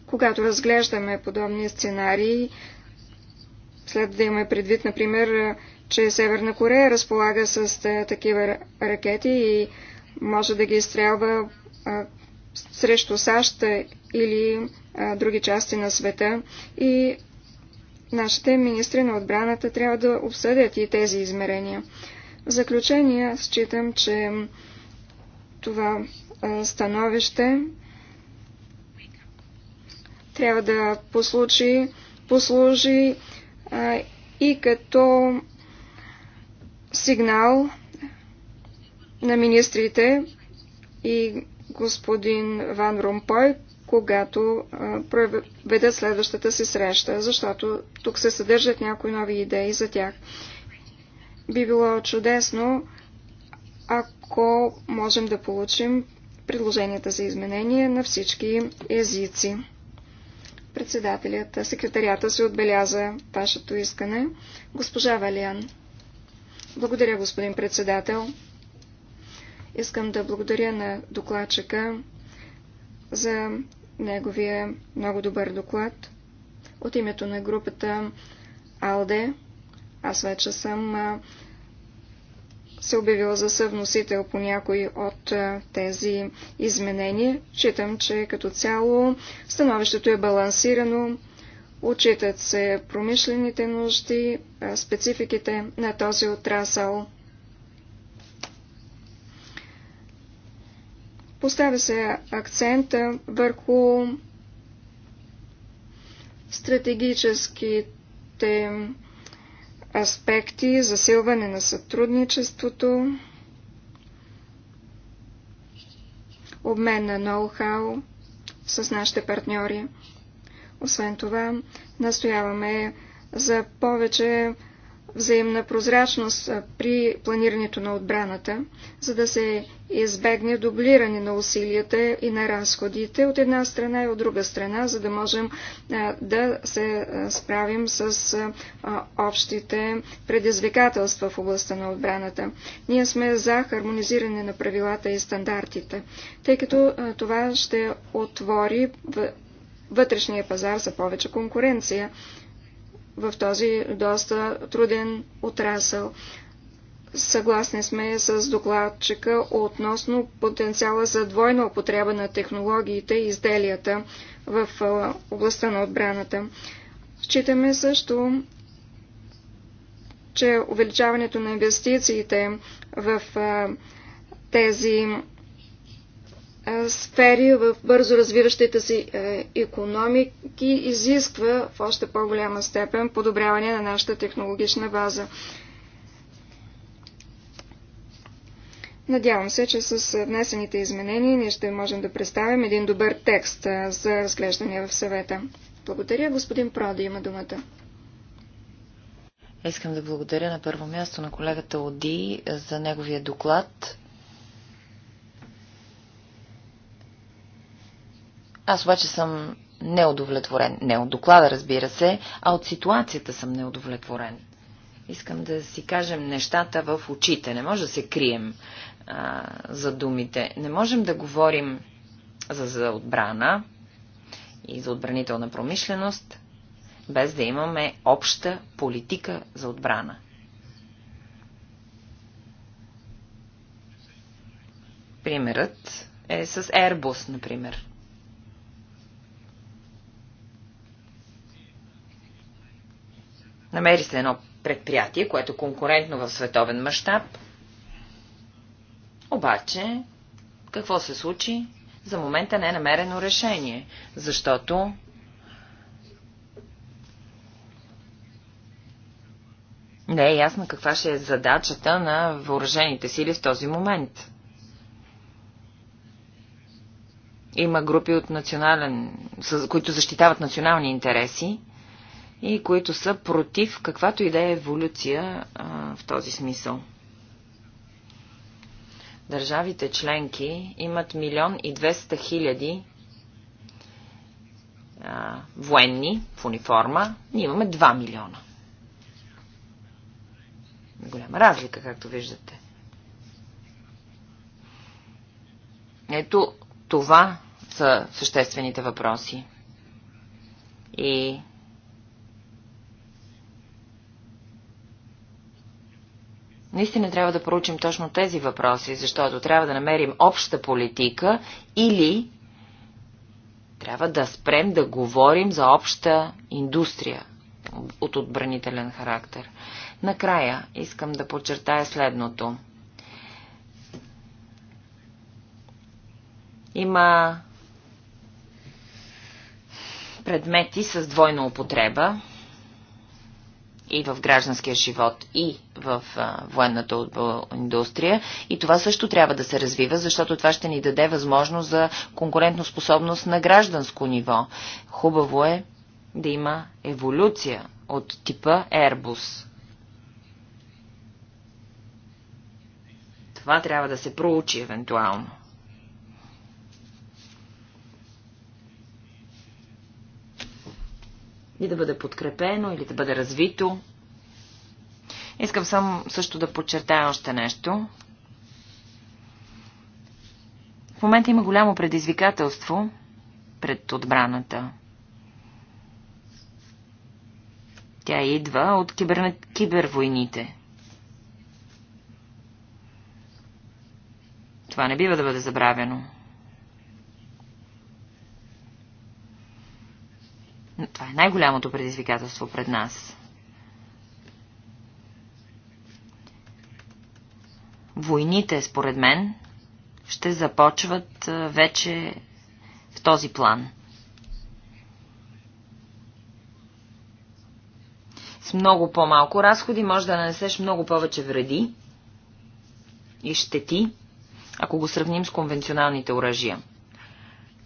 Когато разглеждаме подобни сценарии, след да имаме предвид, например, че Северна Корея разполага с такива ракети и може да ги изстрелва срещу САЩ или други части на света. И нашите министри на отбраната трябва да обсъдят и тези измерения. В заключение считам, че това становище трябва да послужи, послужи а, и като сигнал на министрите и господин Ван Румпой, когато проведат следващата си среща, защото тук се съдържат някои нови идеи за тях. Би било чудесно, ако можем да получим предложенията за изменение на всички езици. Председателят, секретарията се отбеляза вашето искане. Госпожа Валиан. Благодаря, господин председател. Искам да благодаря на докладчика за неговия много добър доклад. От името на групата АЛДЕ, аз вече съм се обявила за съвносител по някои от тези изменения. Читам, че като цяло становището е балансирано, отчитат се промишлените нужди, спецификите на този отрасъл. Поставя се акцент върху стратегическите аспекти, засилване на сътрудничеството, обмен на ноу-хау с нашите партньори. Освен това, настояваме за повече взаимна прозрачност при планирането на отбраната, за да се избегне дублиране на усилията и на разходите от една страна и от друга страна, за да можем да се справим с общите предизвикателства в областта на отбраната. Ние сме за хармонизиране на правилата и стандартите, тъй като това ще отвори вътрешния пазар за повече конкуренция в този доста труден отрасъл. Съгласни сме с докладчика относно потенциала за двойна употреба на технологиите и изделията в областта на отбраната. Считаме също, че увеличаването на инвестициите в тези сфери в бързо развиващите се економики изисква в още по-голяма степен подобряване на нашата технологична база. Надявам се, че с внесените изменения ние ще можем да представим един добър текст за разглеждане в съвета. Благодаря, господин Проди има думата. Искам да благодаря на първо място на колегата Оди за неговия доклад Аз обаче съм неудовлетворен. Не от доклада, разбира се, а от ситуацията съм неудовлетворен. Искам да си кажем нещата в очите. Не може да се крием а, за думите. Не можем да говорим за, за отбрана и за отбранителна промишленост, без да имаме обща политика за отбрана. Примерът е с Airbus, например. Намери се едно предприятие, което е конкурентно в световен мащаб. Обаче, какво се случи? За момента не е намерено решение, защото не е ясно каква ще е задачата на въоръжените сили в този момент. Има групи от национален, които защитават национални интереси, и които са против каквато и да е еволюция а, в този смисъл. Държавите членки имат милион и 200 хиляди военни в униформа. Ние имаме 2 милиона. Голяма разлика, както виждате. Ето това са съществените въпроси. И Наистина трябва да проучим точно тези въпроси, защото трябва да намерим обща политика или трябва да спрем да говорим за обща индустрия от отбранителен характер. Накрая искам да подчертая следното. Има предмети с двойна употреба, и в гражданския живот, и в а, военната индустрия. И това също трябва да се развива, защото това ще ни даде възможност за конкурентоспособност на гражданско ниво. Хубаво е да има еволюция от типа Airbus. Това трябва да се проучи евентуално. и да бъде подкрепено, или да бъде развито. Искам само също да подчертая още нещо. В момента има голямо предизвикателство пред отбраната. Тя идва от кибер... кибервойните. Това не бива да бъде забравено. това е най-голямото предизвикателство пред нас. Войните, според мен, ще започват вече в този план. С много по-малко разходи може да нанесеш много повече вреди и щети, ако го сравним с конвенционалните оръжия.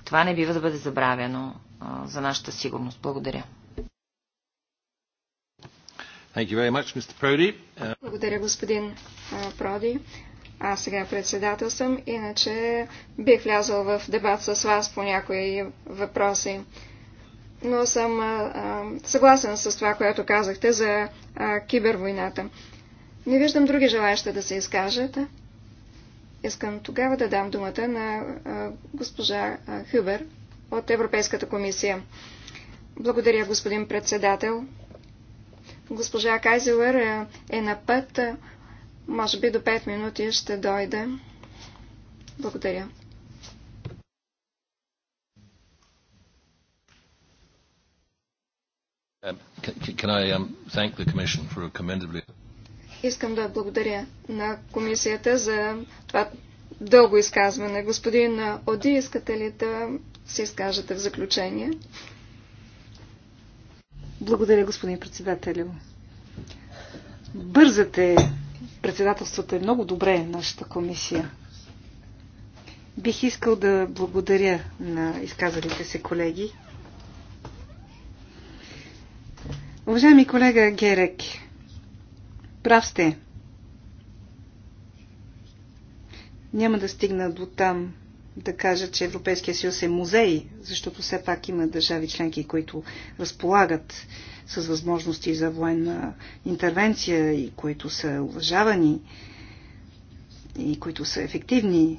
Това не бива да бъде забравено за нашата сигурност. Благодаря. Much, uh, Благодаря, господин Проди. Аз сега председател съм, иначе бих влязъл в дебат с вас по някои въпроси. Но съм съгласен с това, което казахте за кибервойната. Не виждам други желаящи да се изкажат. Искам тогава да дам думата на госпожа Хюбер от Европейската комисия. Благодаря, господин председател. Госпожа Кайзелър е, е на път. Може би до 5 минути ще дойде. Благодаря. Um, um, Искам да благодаря на комисията за това дълго изказване. Господин Оди, искате ли да се изкажете в заключение. Благодаря, господин председателю. Бързате. Председателството е много добре, нашата комисия. Бих искал да благодаря на изказалите се колеги. Уважаеми колега Герек, прав сте. Няма да стигна до там, да кажа, че Европейския съюз е музей, защото все пак има държави членки, които разполагат с възможности за военна интервенция и които са уважавани и които са ефективни.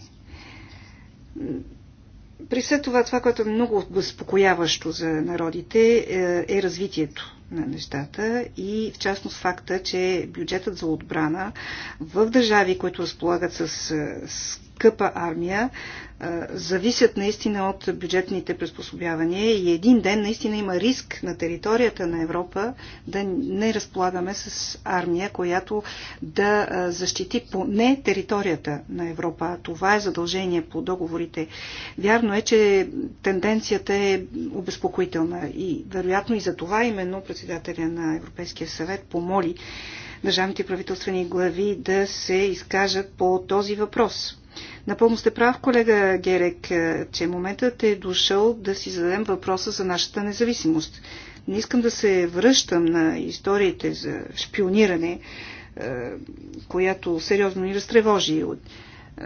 При все това, това, което е много безпокояващо за народите, е, е развитието на нещата и в частност факта, че бюджетът за отбрана в държави, които разполагат с скъпа армия, зависят наистина от бюджетните приспособявания и един ден наистина има риск на територията на Европа да не разполагаме с армия, която да защити поне територията на Европа. Това е задължение по договорите. Вярно е, че тенденцията е обезпокоителна и вероятно и за това именно председателя на Европейския съвет помоли държавните правителствени глави да се изкажат по този въпрос Напълно сте прав, колега Герек, е, че моментът е дошъл да си зададем въпроса за нашата независимост. Не искам да се връщам на историите за шпиониране, е, която сериозно ни разтревожи от е,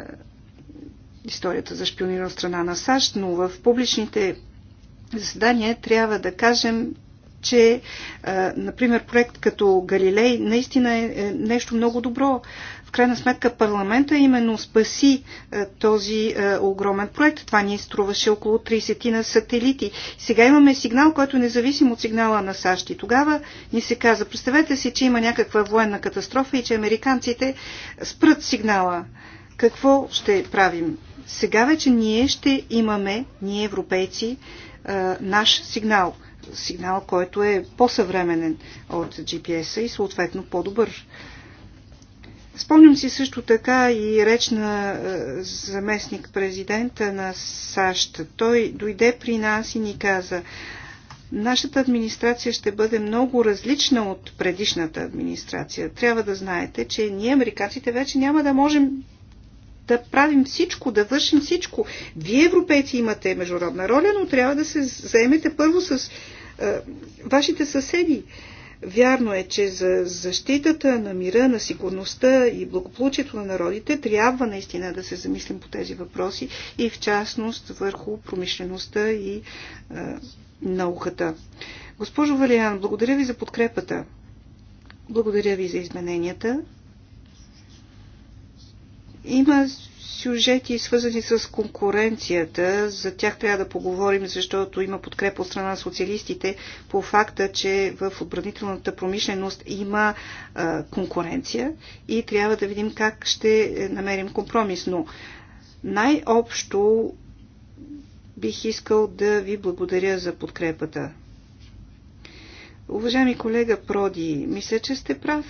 историята за шпиониране от страна на САЩ, но в публичните заседания трябва да кажем, че, например, проект като Галилей наистина е нещо много добро крайна сметка парламента именно спаси е, този е, огромен проект. Това ни струваше около 30 на сателити. Сега имаме сигнал, който е независим от сигнала на САЩ. И тогава ни се каза, представете си, че има някаква военна катастрофа и че американците спрат сигнала. Какво ще правим? Сега вече ние ще имаме, ние европейци, наш сигнал сигнал, който е по-съвременен от GPS-а и съответно по-добър. Спомням си също така и реч на е, заместник президента на САЩ. Той дойде при нас и ни каза, нашата администрация ще бъде много различна от предишната администрация. Трябва да знаете, че ние, американците, вече няма да можем да правим всичко, да вършим всичко. Вие, европейци, имате международна роля, но трябва да се заемете първо с е, вашите съседи. Е, Вярно е, че за защитата на мира, на сигурността и благополучието на народите трябва наистина да се замислим по тези въпроси и в частност върху промишлеността и е, науката. Госпожо Валиан, благодаря ви за подкрепата. Благодаря ви за измененията. Има сюжети, свързани с конкуренцията. За тях трябва да поговорим, защото има подкрепа от страна на социалистите по факта, че в отбранителната промишленост има а, конкуренция и трябва да видим как ще е, намерим компромис. Но най-общо бих искал да ви благодаря за подкрепата. Уважаеми колега Проди, мисля, че сте прав.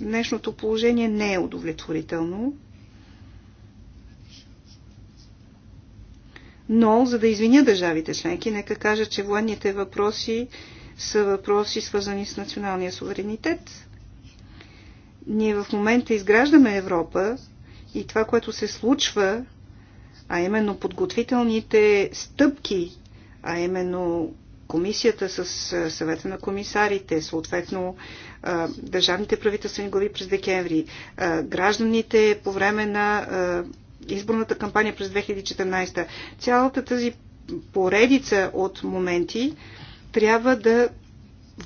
Днешното положение не е удовлетворително. Но, за да извиня държавите членки, нека кажа, че военните въпроси са въпроси свързани с националния суверенитет. Ние в момента изграждаме Европа и това, което се случва, а именно подготвителните стъпки, а именно комисията с съвета на комисарите, съответно държавните правителствени глави през декември, гражданите по време на изборната кампания през 2014. Цялата тази поредица от моменти трябва да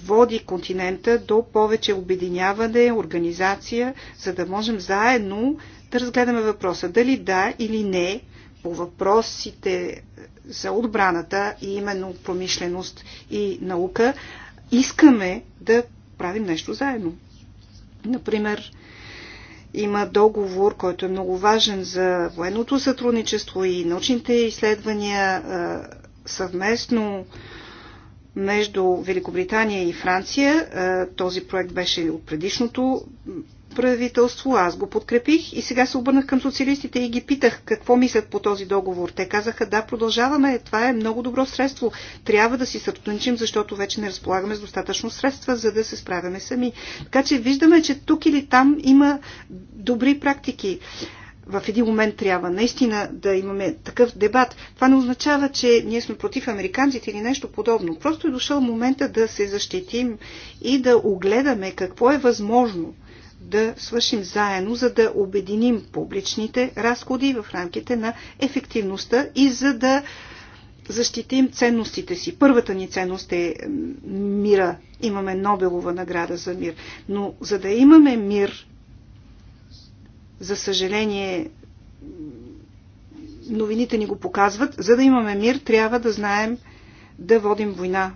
води континента до повече обединяване, организация, за да можем заедно да разгледаме въпроса дали да или не по въпросите за отбраната и именно промишленост и наука, искаме да правим нещо заедно. Например, има договор, който е много важен за военното сътрудничество и научните изследвания съвместно между Великобритания и Франция. Този проект беше от предишното правителство, аз го подкрепих и сега се обърнах към социалистите и ги питах какво мислят по този договор. Те казаха да, продължаваме, това е много добро средство, трябва да си сътрудничим, защото вече не разполагаме с достатъчно средства, за да се справяме сами. Така че виждаме, че тук или там има добри практики в един момент трябва наистина да имаме такъв дебат. Това не означава, че ние сме против американците или нещо подобно. Просто е дошъл момента да се защитим и да огледаме какво е възможно да свършим заедно, за да обединим публичните разходи в рамките на ефективността и за да защитим ценностите си. Първата ни ценност е мира. Имаме Нобелова награда за мир. Но за да имаме мир, за съжаление, новините ни го показват, за да имаме мир, трябва да знаем да водим война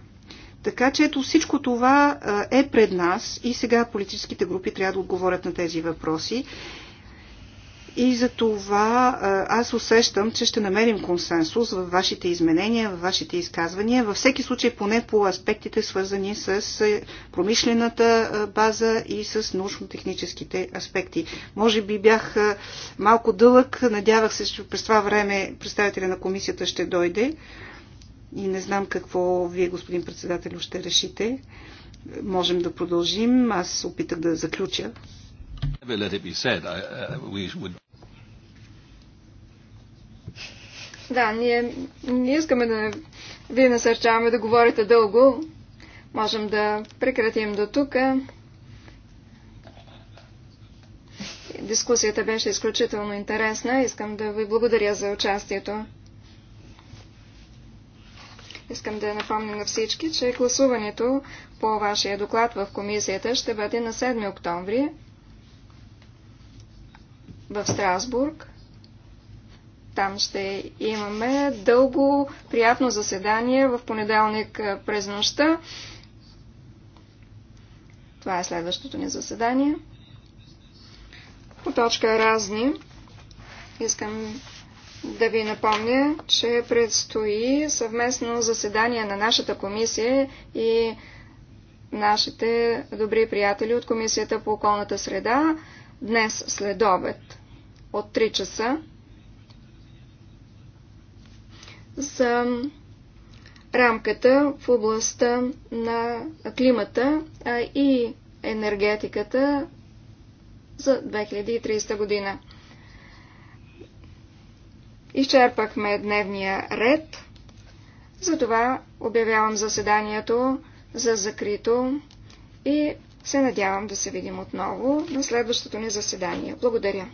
така че ето всичко това е пред нас и сега политическите групи трябва да отговорят на тези въпроси. И за това аз усещам, че ще намерим консенсус във вашите изменения, във вашите изказвания, във всеки случай поне по аспектите свързани с промишлената база и с научно-техническите аспекти. Може би бях малко дълъг, надявах се, че през това време представителя на комисията ще дойде и не знам какво вие, господин председател, ще решите. Можем да продължим. Аз опитах да заключа. Uh, да, ние не искаме да ви насърчаваме да говорите дълго. Можем да прекратим до тук. Дискусията беше изключително интересна. Искам да ви благодаря за участието. Искам да напомня на всички, че гласуването по вашия доклад в комисията ще бъде на 7 октомври в Страсбург. Там ще имаме дълго, приятно заседание в понеделник през нощта. Това е следващото ни заседание. По точка разни искам да ви напомня, че предстои съвместно заседание на нашата комисия и нашите добри приятели от Комисията по околната среда днес след обед от 3 часа за рамката в областта на климата и енергетиката за 2030 година. Изчерпахме дневния ред. Затова обявявам заседанието за закрито и се надявам да се видим отново на следващото ни заседание. Благодаря.